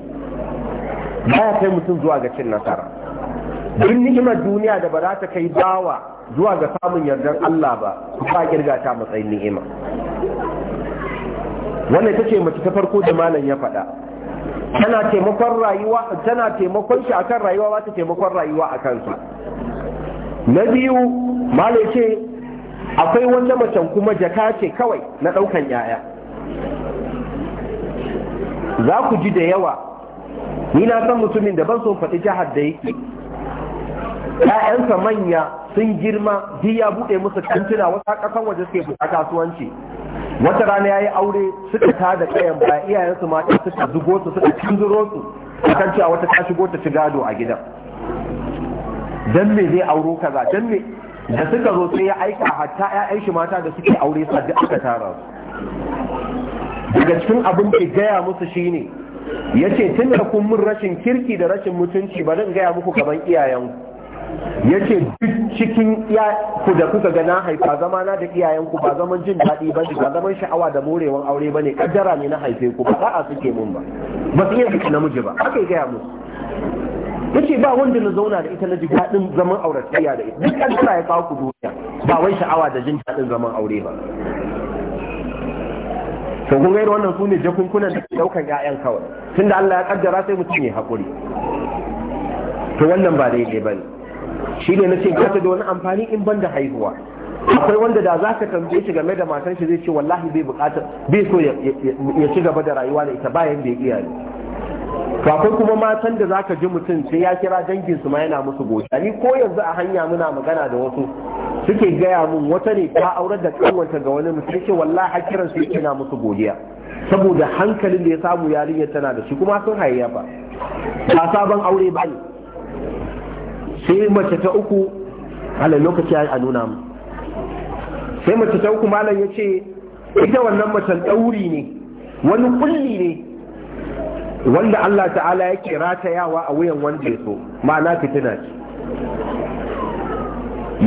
baya kai mutum zuwa ga cin nasara duk ni'imar duniya da ba za ta kai bawa zuwa ga samun yardar Allah ba ba kirga ta matsayin ni'ima wannan ta ce mace ta farko da malam ya faɗa tana taimakon rayuwa tana taimakon shi akan rayuwa ba ta taimakon rayuwa akan kansu. na biyu malai ce akwai wata macen kuma jaka ce kawai na ɗaukan yaya za ku ji da yawa ni na san mutumin da ban sun faɗi jihar da yake ‘ya'yansa manya sun girma duk ya buɗe musu kantuna wata ƙasan waje suke buɗa kasuwanci wata rana ya yi aure suka ta da kayan ba, iyayensu mata suka zugo su suka cinzuro su akan cewa wata ta shigo ta ci gado a gidan dan me zai auro kaza dan me da suka zo sai ya aika hatta ƴaƴan shi mata da suke aure su duk aka tara su daga cikin abin da gaya musu shine yace tun da kun mun rashin kirki da rashin mutunci ba zan gaya muku kaman iyayen yace duk cikin ku da kuka ga na haifa zama na da iyayen ku ba zaman jin daɗi ba ba zaman sha'awa da morewan aure bane kaddara ne na haife ku ba a suke mun ba ba su iya namiji ba haka gaya musu ce ba wanda na zauna da ita na ji daɗin zaman auratayya da ita duk an ya kawo ku duniya ba wai sha'awa da jin daɗin zaman aure ba to kun ga wannan su ne jakunkunan da daukan ƴaƴan kawai tunda Allah ya kaddara sai mutum ya hakuri to wannan ba daidai bane shi ne nace ka ta da wani amfani in ban da haihuwa akwai wanda da za ka tambaye shi game da matan shi zai ce wallahi bai bukatar bai so ya ci gaba da rayuwa da ita bayan bai iya ne to akwai kuma matan da zaka ji mutum sai ya kira danginsu ma yana musu goshi ni ko yanzu a hanya muna magana da wasu suke gaya mun wata ne ta aurar da kanwanta ga wani mutum ce wallahi har kiran su yake na musu godiya saboda hankalin da ya samu yarinyar tana da shi kuma sun hayayya ba ba sabon aure ba ne sai mace ta uku alal lokaci a nuna mu sai mace ta uku malam ya ce ita wannan macen ɗauri ne wani kulli ne wanda Allah ta'ala yake ratayawa a wuyan wanda ya so ma'ana fitina ce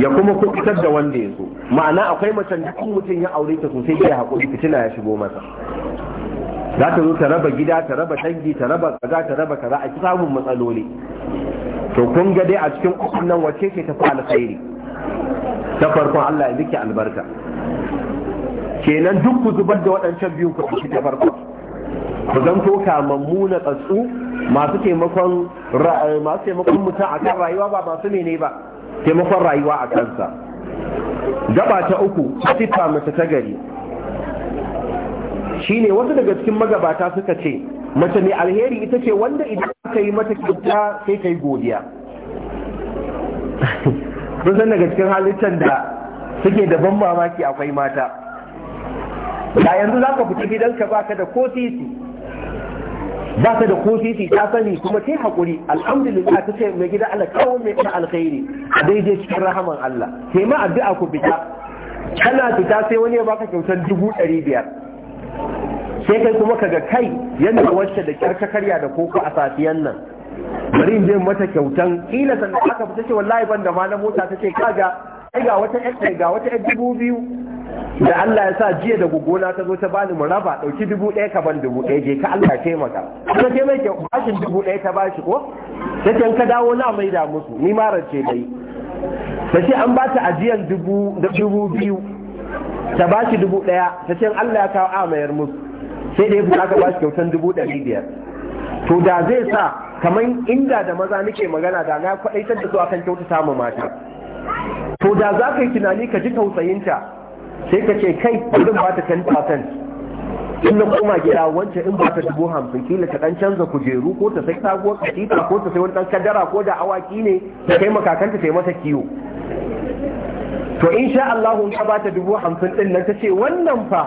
ya kuma kuɓutar da wanda ya so ma'ana akwai macen da mutum ya aure ta sosai da haƙuri fitina ya shigo masa za ta zo ta raba gida ta raba dangi ta raba kaza ta raba kaza a samun matsaloli to kun ga dai a cikin ukun nan wace ce tafi alkhairi ta farkon Allah ya miki albarka kenan duk ku zubar da waɗancan biyun ku ta farko ku zanto kamammu na tsatsu masu taimakon eh, masu taimakon mutum a kan rayuwa ba masu mene ba taimakon rayuwa a kansa gaba ta uku siffa mace ta gari Shi ne wasu daga cikin magabata suka ce mace mai alheri ita ce wanda idan aka yi mata kyauta sai ta yi godiya sun san daga cikin halittar da suke da ban mamaki akwai mata da yanzu za ka fita gidanka baka da ko titi ba ta da kofifi ta sani kuma yi haƙuri. alhamdulillah ta ce mai gida Allah kawo mai ɗan alkhairi daidai cikin rahaman Allah sai ma addu'a ku fita kana fita sai wani ya baka kyautar dubu ɗari biyar sai kai kuma kaga kai yadda wacce da kyar karya da koko a safiyan nan bari in je mata kyautan kila sannan aka fita ce wallahi ban da ma na mota ta ce kaga ga wata ƴan ga wata dubu biyu da Allah ya sa jiya da gugona ta zo ta bani mu raba dauki dubu ɗaya ka ban dubu ɗaya je ka Allah taimaka kuma ke mai bashin dubu ɗaya ta bashi ko sai ka dawo na mai da musu ni ma rance dai ta ce an ba ta ajiyar dubu da dubu biyu ta bashi dubu ɗaya ta ce Allah ya kawo a musu sai da ya fi aka kyautan dubu ɗari biyar to da zai sa kamar inda da maza nake magana da na kwaɗaitar da su akan kyautata ma mata to da za ka yi tunani ka ji tausayinta sai ka ce kai kudin ba ta 10% in na koma gida wancan in ba ta dubu hamsin kila ta dan canza kujeru ko ta sai taguwar katifa ko ta sai wani dan kadara ko da awaki ne ta kai makakanta ta yi mata kiwo to in sha Allah in ka ta dubu hamsin din nan ta ce wannan fa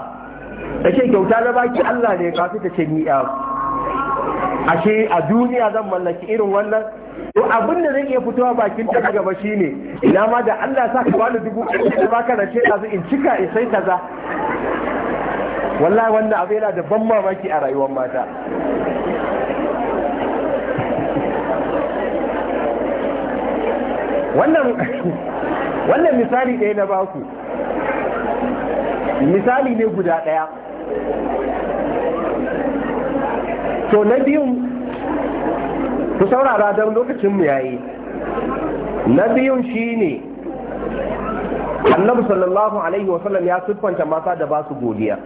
ta ce kyauta na baki Allah ne ka ta ce ni ashe a duniya zan mallaki irin wannan to abin da zai iya fitowa bakin ta gaba shine ina ma da Allah sa ka bani dubu da baka da ce su in cika in sai kaza wallahi wannan abu yana da ban mamaki a rayuwar mata wannan wannan misali ɗaya na baku misali ne guda ɗaya to na biyun ku saurara don lokacinmu yayi na biyun shi ne annabi sallallahu alaihi sallam ya siffanta mata da ba su godiya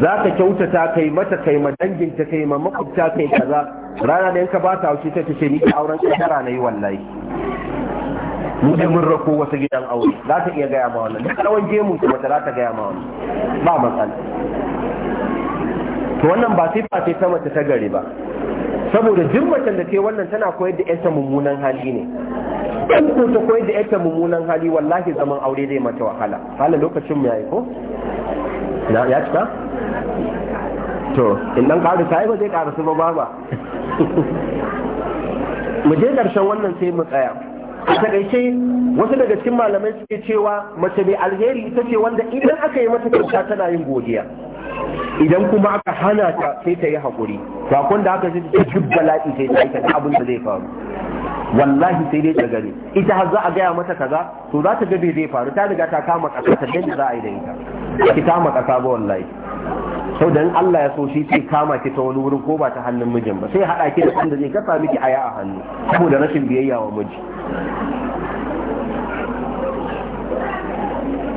za ka kyautata kai mata kai ma danginta kai ma makwabta kai kaza rana da yanka ba ta haushi ta ce ni auren kadara na yi wallahi mu da mun rako wata gidan aure za ta iya gaya ma wannan duk rawan gemu kuma ta za ta gaya ma wannan ba matsala to wannan ba sai ce ta mace ta gari ba saboda jirmatan da ke wannan tana koyar da yanta mummunan hali ne ɗan ko ta koyar da yanta mummunan hali wallahi zaman aure zai mata wahala hala lokacin ya yi ko na ya cika to in dan karu sai ba zai karu ba baba mu je karshen wannan sai mu tsaya a takaice wasu daga cikin malamai suke cewa mace mai alheri ita ce wanda idan aka yi mata kyauta tana yin godiya idan kuma aka hana ta sai ta yi haƙuri to da haka zai duk bala'i sai ta aikata abin da zai faru wallahi sai dai ta gani ita har za a gaya mata kaza to za ta ga bai zai faru ta riga ta kama kasa ta da za a yi da ita ki kama kasa ba wallahi sau da Allah ya so shi sai kama ki ta wani wurin ko ba ta hannun mijin ba sai haɗa ki da wanda zai kasa miki aya a hannu saboda rashin biyayya wa miji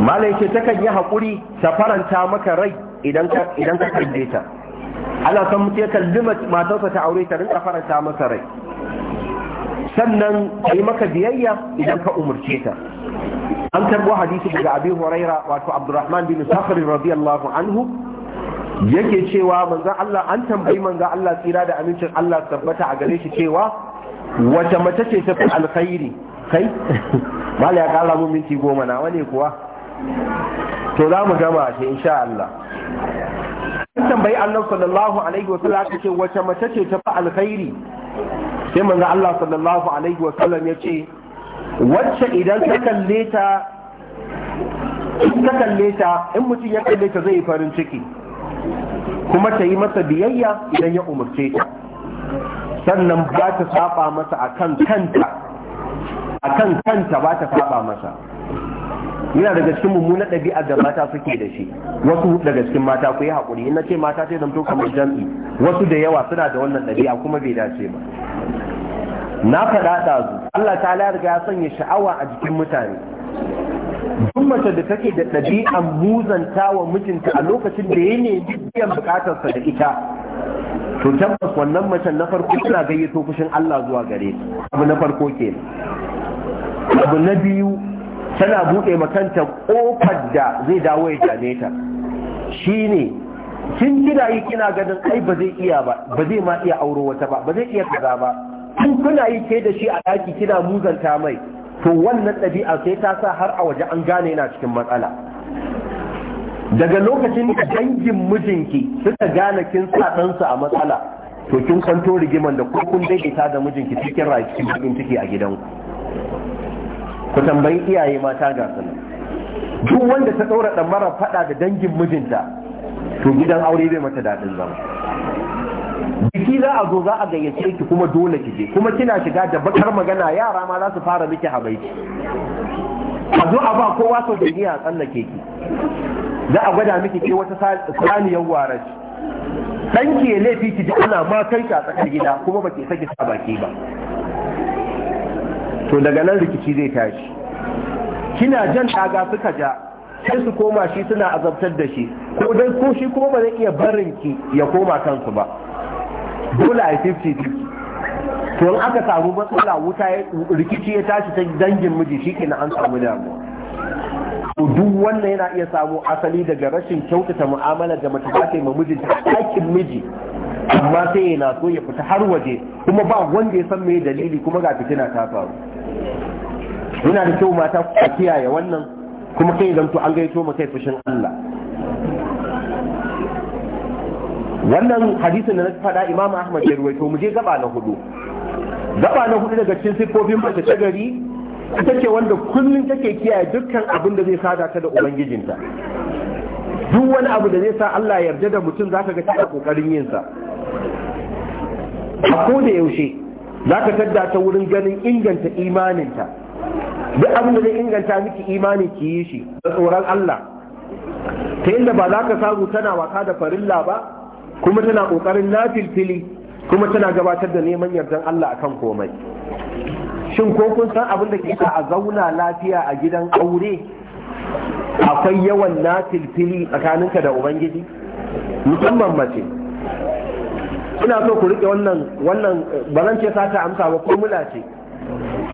malai ce takan yi hakuri ta faranta maka rai idan ka kalle ta Allah san mutum ya kalli matarsa ta aure ta rinka faranta masa rai sannan ka yi maka biyayya idan ka umarce ta an karbo hadisi daga abi huraira wato abdurrahman bin sakhr radiyallahu anhu yake cewa manzon Allah an tambayi manzon Allah tsira da amincin Allah tabbata a gare shi cewa wata mace ce ta fi alkhairi kai mala ya kara mu minti goma na wane kuwa to za mu gama shi insha Allah an tambayi Allah sallallahu alaihi wasallam ta ce wace mace ce ta fi alkhairi sai manzo Allah sallallahu alaihi wasallam ya ce wacce idan ta kalle ta in mutum ya kalle ta zai yi farin ciki kuma ta yi masa biyayya idan ya umarce ta sannan ba ta saba masa akan kanta akan kanta ba ta saba masa yana daga cikin mummunan ɗabi'ar da mata suke da shi wasu daga cikin mata ku yi haƙuri in na ce mata sai zamto kamar jam'i wasu da yawa suna da wannan ɗabi'a kuma bai dace ba na faɗa zu. Allah ta la riga ya sanya sha'awa a jikin mutane duk mace da take da ɗabi'an muzanta wa mijinta a lokacin da ya nemi biyan bukatarsa da ita to tabbas wannan macen na farko tana gayyato fushin Allah zuwa gare abu na farko ke abu na biyu tana buɗe makanta ƙofar da zai dawo ya same ta shi ne kin kina yi kina ganin ai ba zai iya ba ba zai ma iya auro wata ba ba zai iya kaza ba tun kuna yi ke da shi a ɗaki kina muzanta mai to wannan ɗabi'a sai ta sa har a waje an gane yana cikin matsala daga lokacin da dangin mijinki suka gane kin sa ɗansa a matsala to kin kwanto rigiman da kun daidaita da mijinki cikin rayu cikin ciki a gidanku ku tambayi iyaye mata ga su duk wanda ta ɗaura mara faɗa da dangin mijinta to gidan aure bai mata daɗin zama biki za a zo za a gayyace ki kuma dole ki je kuma kina shiga da bakar magana yara ma za su fara miki habaiki a zo a ba kowa sau da a tsallake ki za a gwada miki ke wata saniyar warar ɗanki ya laifi ki ji ana ma kai a tsakar gida kuma ba ki saki sa baki ba to daga nan rikici zai tashi kina jan daga suka ja sai su koma shi suna azabtar da shi ko dai ko shi ko ba zai iya barin ki ya koma kansu ba dole a 50 to in aka samu matsala wuta rikici ya tashi ta dangin miji shi kenan an samu damuwa to duk wannan yana iya samu asali daga rashin kyautata mu'amala da mace ta ma mijinta a ɗakin miji amma sai yana so ya fita har waje kuma ba wanda ya san me dalili kuma ga fitina ta faru yana da kyau mata ku kiyaye wannan kuma kai zanto an gaito mu kai fushin Allah wannan hadisin da na faɗa Imam Ahmad ya ruwaito mu je gaba na hudu gaba na hudu daga cikin siffofin mace ta gari ita ce wanda kullum take kiyaye dukkan abin da zai sada ta da ubangijinta duk wani abu da zai sa Allah ya yarda da mutum zaka ga tana kokarin yin sa a ko da yaushe za ka tadda ta wurin ganin inganta imaninta da abin da zai inganta miki imani ki yi shi da tsoron Allah ta inda ba za ka samu tana wasa da farilla ba kuma tana kokarin nafilfili kuma tana gabatar da neman yardan Allah akan komai shin ko kun san abin da ke sa a zauna lafiya a gidan aure akwai yawan nafilfili tsakaninka da ubangiji musamman mace ina so ku rike wannan wannan eh, ba zan ce sata amsa ba ko mula ce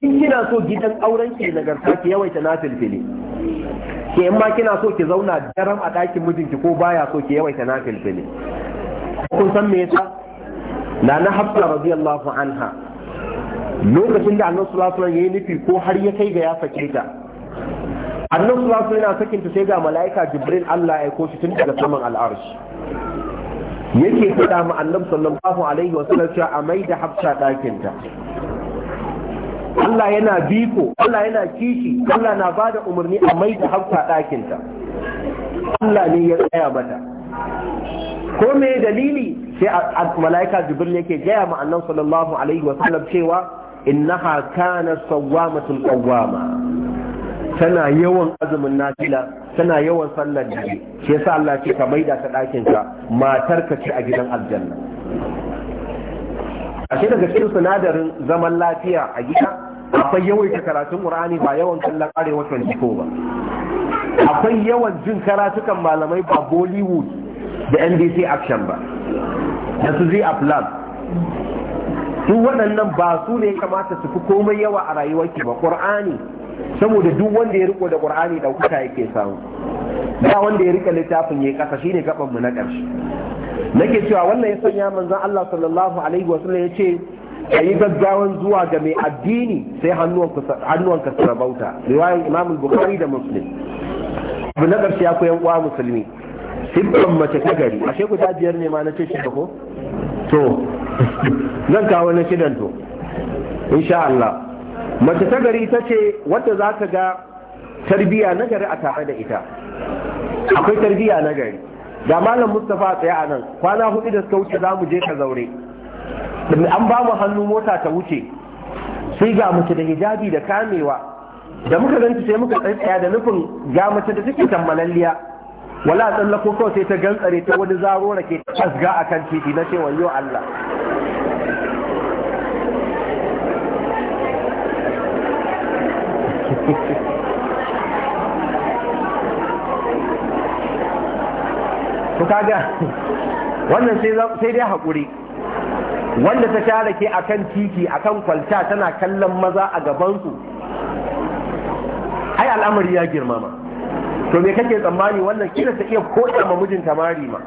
in kina so gidan auren ki nagarta ki yawaita na filfili ke in ma kina so ki zauna daram a ɗakin mijinki ko baya so ki yawaita na filfili kun san me yasa na na hafsa radiyallahu anha lokacin da annabi sallallahu alaihi yayi nufi ko har ya kai ga ya sake ta annabi sallallahu alaihi sakin sakinta sai ga mala'ika jibril Allah ya aiko shi tun daga saman al'arshi yake faɗa ma annabi sallallahu alaihi wa sallam cewa a mai da hafsa ɗakin ta Allah yana biko Allah yana kishi Allah na bada umarni a mai da hafsa ɗakin ta Allah ne ya tsaya mata ko me dalili sai malaika jibril yake gaya ma annabi sallallahu alaihi wa sallam cewa innaha kana sawwamatul qawwama tana yawan azumin nafila tana yawan sallar dare shi yasa Allah ce ka maida ta dakin ka matar ka ce a gidan aljanna ashe daga cikin sinadarin zaman lafiya a gida akwai yawaita karatun Qur'ani ba yawan kallon arewa 24 ba akwai yawan jin karatukan malamai ba Bollywood da NBC action ba da su zai aflam su waɗannan ba su ne kamata su fi komai yawa a rayuwarki ba Qur'ani saboda duk wanda ya riko da qur'ani ɗaukaka yake samu ba wanda ya rika littafin ya kasa shine gaban mu na ƙarshe nake cewa wannan ya sanya manzon Allah sallallahu alaihi wasallam ya ce a yi gaggawan zuwa ga mai addini sai hannuwanka su rabauta riwayar imam bukhari da muslim abu na ƙarshe ya yan uwa musulmi sibban mace ta gari ashe ku ta biyar ne ma na ce shida ko to zan kawo na shidan to insha Allah mace ta gari ta ce wadda za ka ga tarbiya na gari a tare da ita akwai tarbiyya na gari da malam mustapha tsaye a nan kwana hudu da suka wuce za mu je ka zaure an ba mu hannu mota ta wuce sai ga mace da hijabi da kamewa da muka ganci sai muka tsaya da nufin ga mace da take tammalalliya wala tsallako kawai sai ta gantsare ta wani zaro rake ta a kan titi na ce wayo Allah ku kaga wannan sai dai haƙuri wanda ta share ke a kan titi a kan kwalta tana kallon maza a gabansu ai al'amari ya girmama to me kake tsammani wannan kira ta iya koya ma mijinta mari ma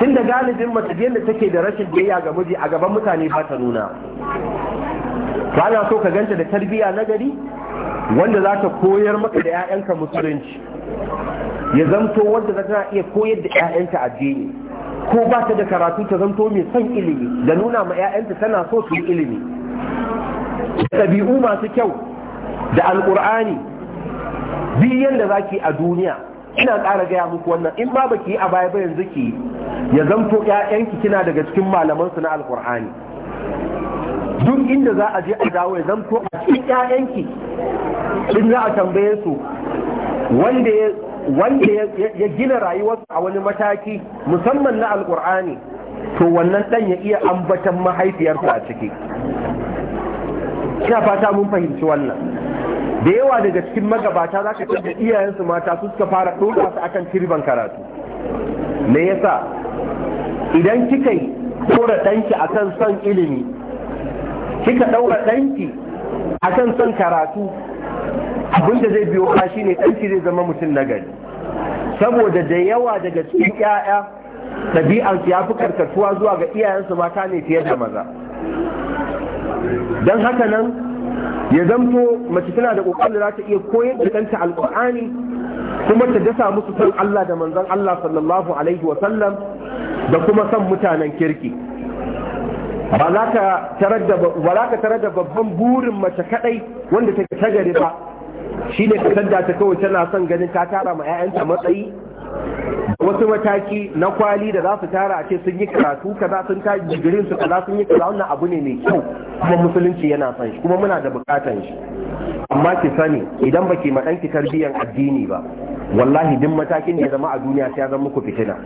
tun da galibin mace da take da rashin biyayya ga miji a gaban mutane ba ta nuna to ana so ka ganta da tarbiyya na gari wanda za ta koyar maka da 'ya'yanka musulunci ya zamto wanda za ta iya koyar da 'ya'yanta addini ko ba ta da karatu ta zamto mai son ilimi da nuna ma 'ya'yanta tana so su yi ilimi ɗabi'u masu kyau da alƙur'ani biyan da za ki a duniya ina ƙara gaya muku wannan in ba baki yi a baya ba yanzu ki ya zamto 'ya'yanki kina daga cikin malamansu na alƙur'ani duk inda za a je a dawo ya zamto a cikin ƴaƴanki in za a tambaye su wanda ya gina rayuwarsa a wani mataki musamman na alkur'ani to wannan dan ya iya ambatan mahaifiyarsa a ciki ina fata mun fahimci wannan da yawa daga cikin magabata za ka da iyayensu mata su suka fara ɗora su akan kirban karatu me yasa idan kika yi ɗora ɗanki akan son ilimi kika ɗaura ɗanki a kan son karatu abinda zai biyo ka ne ɗanki zai zama mutum na gari saboda da yawa daga cikin 'ya'ya ɗabi'ansu ya fi karkatuwa zuwa ga iyayensu mata ne fiye da maza don haka nan ya zamto mace tana da ƙoƙarin da za ta iya koyar da ɗanta alƙur'ani kuma ta dasa musu son Allah da manzon Allah sallallahu alaihi wa da kuma son mutanen kirki ba za ka tarar da babban burin mace kadai wanda ta gari ba shi ne ka sanda ta kawai tana son ganin ta tara ma 'ya'yanta matsayi wasu mataki na kwali da za su tara a ce sun yi karatu kaza sun ta digirin su kaza sun yi kaza wannan abu ne mai kyau kuma musulunci yana son shi kuma muna da bukatan shi amma ki sani idan ba ki maɗanki tarbiyyar addini ba wallahi duk matakin da ya zama a duniya sai ya zama muku fitina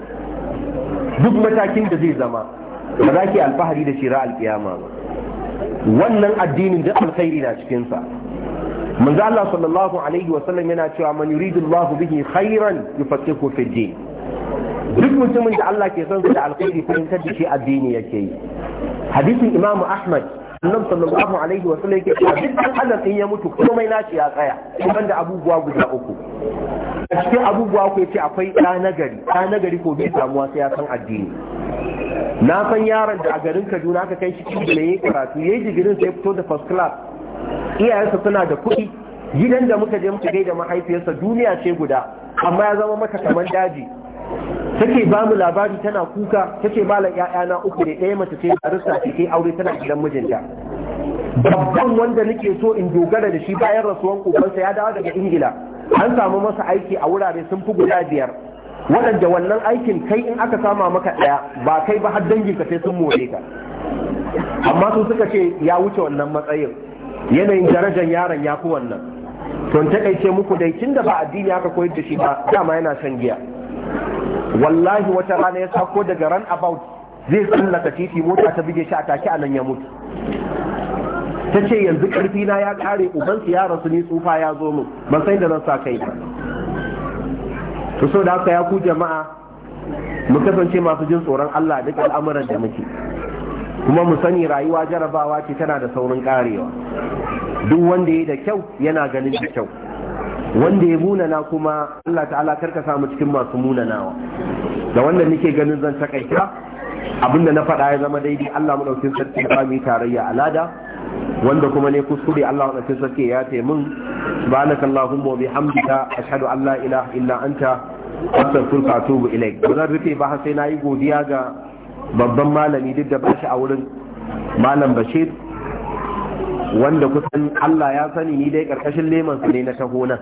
duk matakin da zai zama ba za ki alfahari da ra alkiyama ba wannan addinin da alkhairi na cikin sa manzo Allah sallallahu alaihi wa sallam yana cewa man yuridu Allah bihi khairan yufaqihu fi din duk mutumin da Allah ke son sa da alkhairi fahimtar da shi addini yake yi hadisin Imam Ahmad annabi sallallahu alaihi wa sallam yake a dan halaka ya mutu komai nashi ya tsaya ban da abubuwa guda uku a cikin abubuwa ko yace akwai da nagari da nagari ko bai samuwa sai ya san addini na san yaron da a garin Kaduna ka kai shi cikin da yayi karatu yayi digirin sai fito da first class iyayensa suna da kuɗi gidan da muka je muka gaida mahaifiyarsa duniya ce guda amma ya zama mata kamar daji take ba mu labari tana kuka take malam ‘ya'yana uku da ɗaya mace ce rusa ce ke aure tana gidan mijinta babban wanda nake so in dogara da shi bayan rasuwan kokonsa ya dawo daga ingila an samu masa aiki a wurare sun fi guda biyar waɗanda wannan aikin kai in aka sama maka ɗaya ba kai ba har dangin ka sai sun more ka amma su suka ce ya wuce wannan matsayin yanayin darajar yaron ya fi wannan don taƙaice muku dai tunda ba addini aka koyar da shi ba dama yana shan giya wallahi wata rana ya sako daga ran about zai tsallaka titi mota ta buge shi a take a nan ya mutu ta ce yanzu karfi na ya kare ubansu ya rasu ni tsufa ya zo mu ban san da nan sa kai ba to da haka ya ku jama'a mu kasance masu jin tsoron Allah duk al'amuran da muke kuma mu sani rayuwa jarabawa ce tana da saurin karewa duk wanda ya da kyau yana ganin da kyau wanda ya munana kuma Allah ta'ala karka samu cikin masu munanawa da wanda nake ganin zan takaita abinda na faɗa ya zama daidai Allah mu dauke sarki ba mu tarayya alada wanda kuma ne kuskure Allah mu dauke sarki ya ce min subhanaka allahumma wa bihamdika ashhadu an la ilaha illa anta astaghfiruka wa atubu ilaik ba zan rufe ba sai na yi godiya ga babban malami duk da bashi a wurin malam Bashir wanda kusan Allah ya sani ni dai karkashin leman su ne na taho nan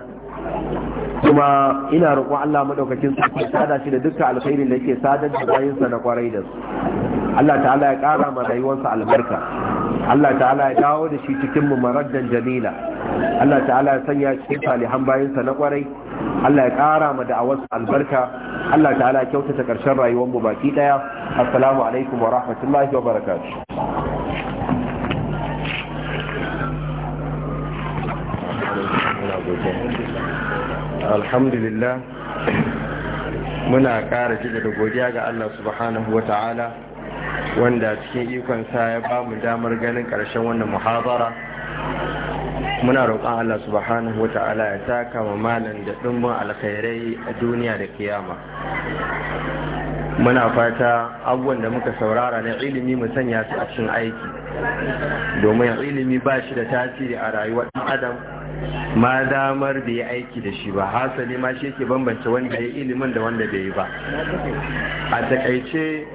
kuma ina roƙon Allah madaukakin sarki ya sada shi da dukkan alkhairin da yake sadar da bayinsa na kwarai da su Allah ta'ala ya ƙara ma rayuwarsa albarka Allah ta'ala ya dawo da shi cikin mu maraddan jamila Allah ta'ala ya sanya cikin salihan bayinsa na kwarai Allah ya ƙara ma da'awarsa albarka Allah ta'ala ya kyautata ƙarshen rayuwar mu baki daya assalamu alaikum wa rahmatullahi wa barakatuh alhamdulillah muna ƙara jiga da godiya ga Allah subhanahu wa ta'ala wanda cikin ikon sa ya ba mu damar ganin ƙarshen wannan muhabara muna roƙon Allah subhanahu wa ta'ala ya taka ma malam da ɗumbin alkhairai a duniya da kiyama muna fata abubuwan da muka saurara na ilimi mu sanya su a cikin aiki domin ilimi ba shi da tasiri a rayuwar ɗan adam ma damar da ya aiki da shi ba hasali ma shi yake bambance wanda ya ilimin da wanda bai yi ba a takaice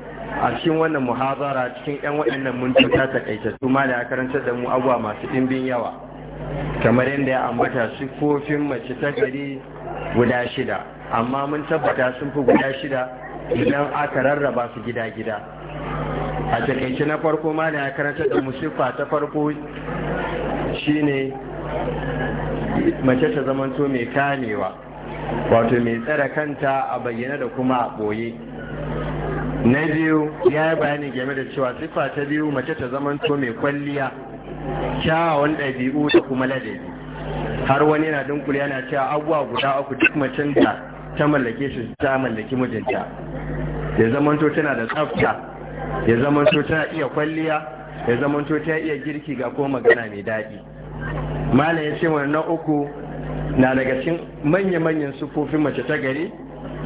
a cikin wannan muhazara, cikin 'yan waɗannan ta takaice su ma da ya karanta da mu abuwa masu ɗimbin yawa kamar yadda ya ambata siffofin mace ta gari guda shida amma mun tabbata sun fi guda shida idan aka rarraba su gida-gida a takaice na farko ma da ya karanta da musifa ta farko shine mace ta zamanto mai kamewa wato mai tsara kanta a bayyana da kuma a ɓoye na biyu ya yi bayani game da cewa siffa ta biyu mace ta zamanto mai kwalliya kyawawan ɗabi'u da kuma ladabi har wani yana dunkule yana cewa abubuwa guda uku duk macen da ta mallake shi ta mallaki mijinta ya zamanto tana da tsafta ya zamanto ta iya kwalliya ya zamanto ta iya girki ga ko magana mai daɗi malam ya ce na uku na daga cikin manya-manyan sufofin mace ta gari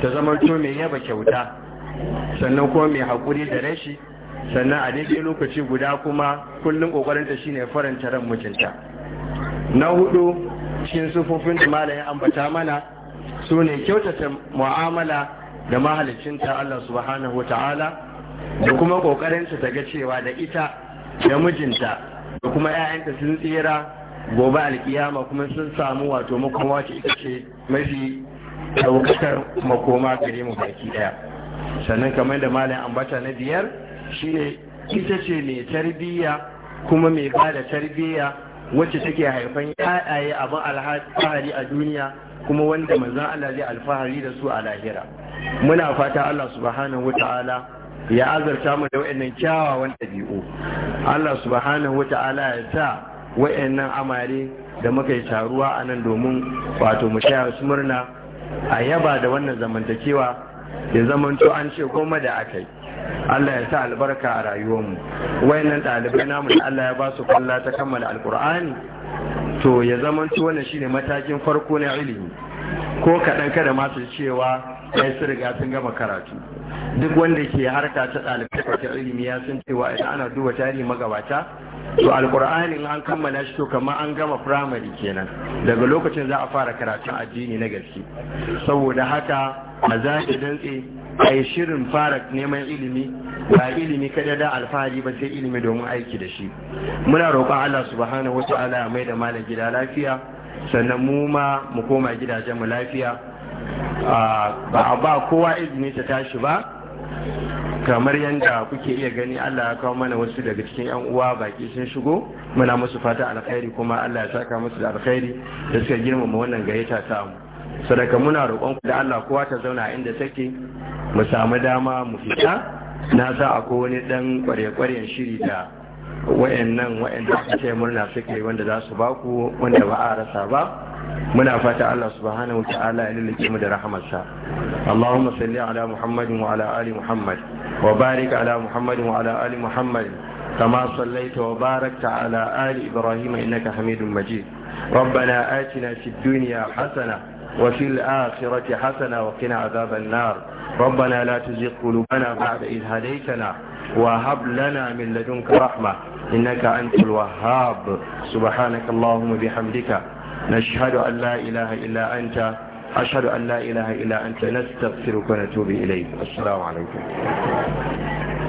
ta zamanto mai yaba kyauta sannan kuma mai haƙuri da rashi sannan a daidai lokaci guda kuma kullum ƙoƙarinta shine faranta ran mijinta na hudu cikin sufofin da malam ya ambata mana sune kyautata mu'amala da mahalicinta Allah subhanahu wa ta'ala da kuma ƙoƙarinta ta ga cewa da ita da mijinta da kuma 'ya'yanta sun tsira gobe alkiyama kuma sun samu wato makoma ce ita ce mafi ɗaukakar makoma gare mu baki ɗaya sannan kamar da malam ambata na biyar shine ita ce mai tarbiyya kuma mai ba da tarbiyya wacce take haifan ƴaƴaye abin alfahari a duniya kuma wanda manzon Allah zai alfahari da su a lahira muna fata Allah subhanahu Ta'ala. ya azarta mu da wa'annan kyawawan ɗabi'u Allah subhanahu wa ta'ala ya sa wa'annan amare da muka yi taruwa a nan domin wato mu sha su murna a yaba da wannan zamantakewa ya zamanto an ce goma da aka yi Allah ya sa albarka a rayuwar mu. wayannan ɗalibai namu da Allah ya ba su kwalla ta kammala alkur'ani to ya zamanto wannan shine matakin farko na ilimi ko kaɗan kada masu cewa ya yi riga sun gama karatu duk wanda ke harka ta ɗalibai ta ilimi ya san cewa idan ana duba tarihi magabata to in an kammala shi to kamar an gama firamare kenan daga lokacin za a fara karatun addini na gaske saboda haka a zaki dantse a yi shirin fara neman ilimi ba ilimi kada da alfahari ba sai ilimi domin aiki da shi muna roƙon Allah subhanahu wa ta'ala ya mai da malam gida lafiya sannan mu ma mu koma gidajen mu lafiya ba a ba kowa izini ta tashi ba kamar yadda kuke iya gani Allah ya kawo mana wasu daga cikin yan uwa baki sun shigo muna musu fata alkhairi kuma Allah ya saka musu da alkhairi da suka girmama wannan gayyata ta mu sadaka muna roƙon ku da Allah kowa ta zauna inda take mu samu dama mu fita na sa akwai wani dan kware-kwaren shiri da wayannan wayanda aka ce murna suke wanda za su baku wanda ba a rasa ba muna fata Allah subhanahu ta'ala ya lullube mu da rahamarsa Allahumma salli ala Muhammadin wa ala ali Muhammad wa barik ala Muhammadin wa ala ali Muhammad كما صليت وباركت على آل إبراهيم إنك حميد مجيد ربنا آتنا في الدنيا حسنة وفي الآخرة حسنة وقنا عذاب النار ربنا لا تزغ قلوبنا بعد إذ هديتنا وهب لنا من لدنك رحمة إنك أنت الوهاب سبحانك اللهم بحمدك نشهد أن لا إله إلا أنت أشهد أن لا إله إلا أنت نستغفرك ونتوب إليك السلام عليكم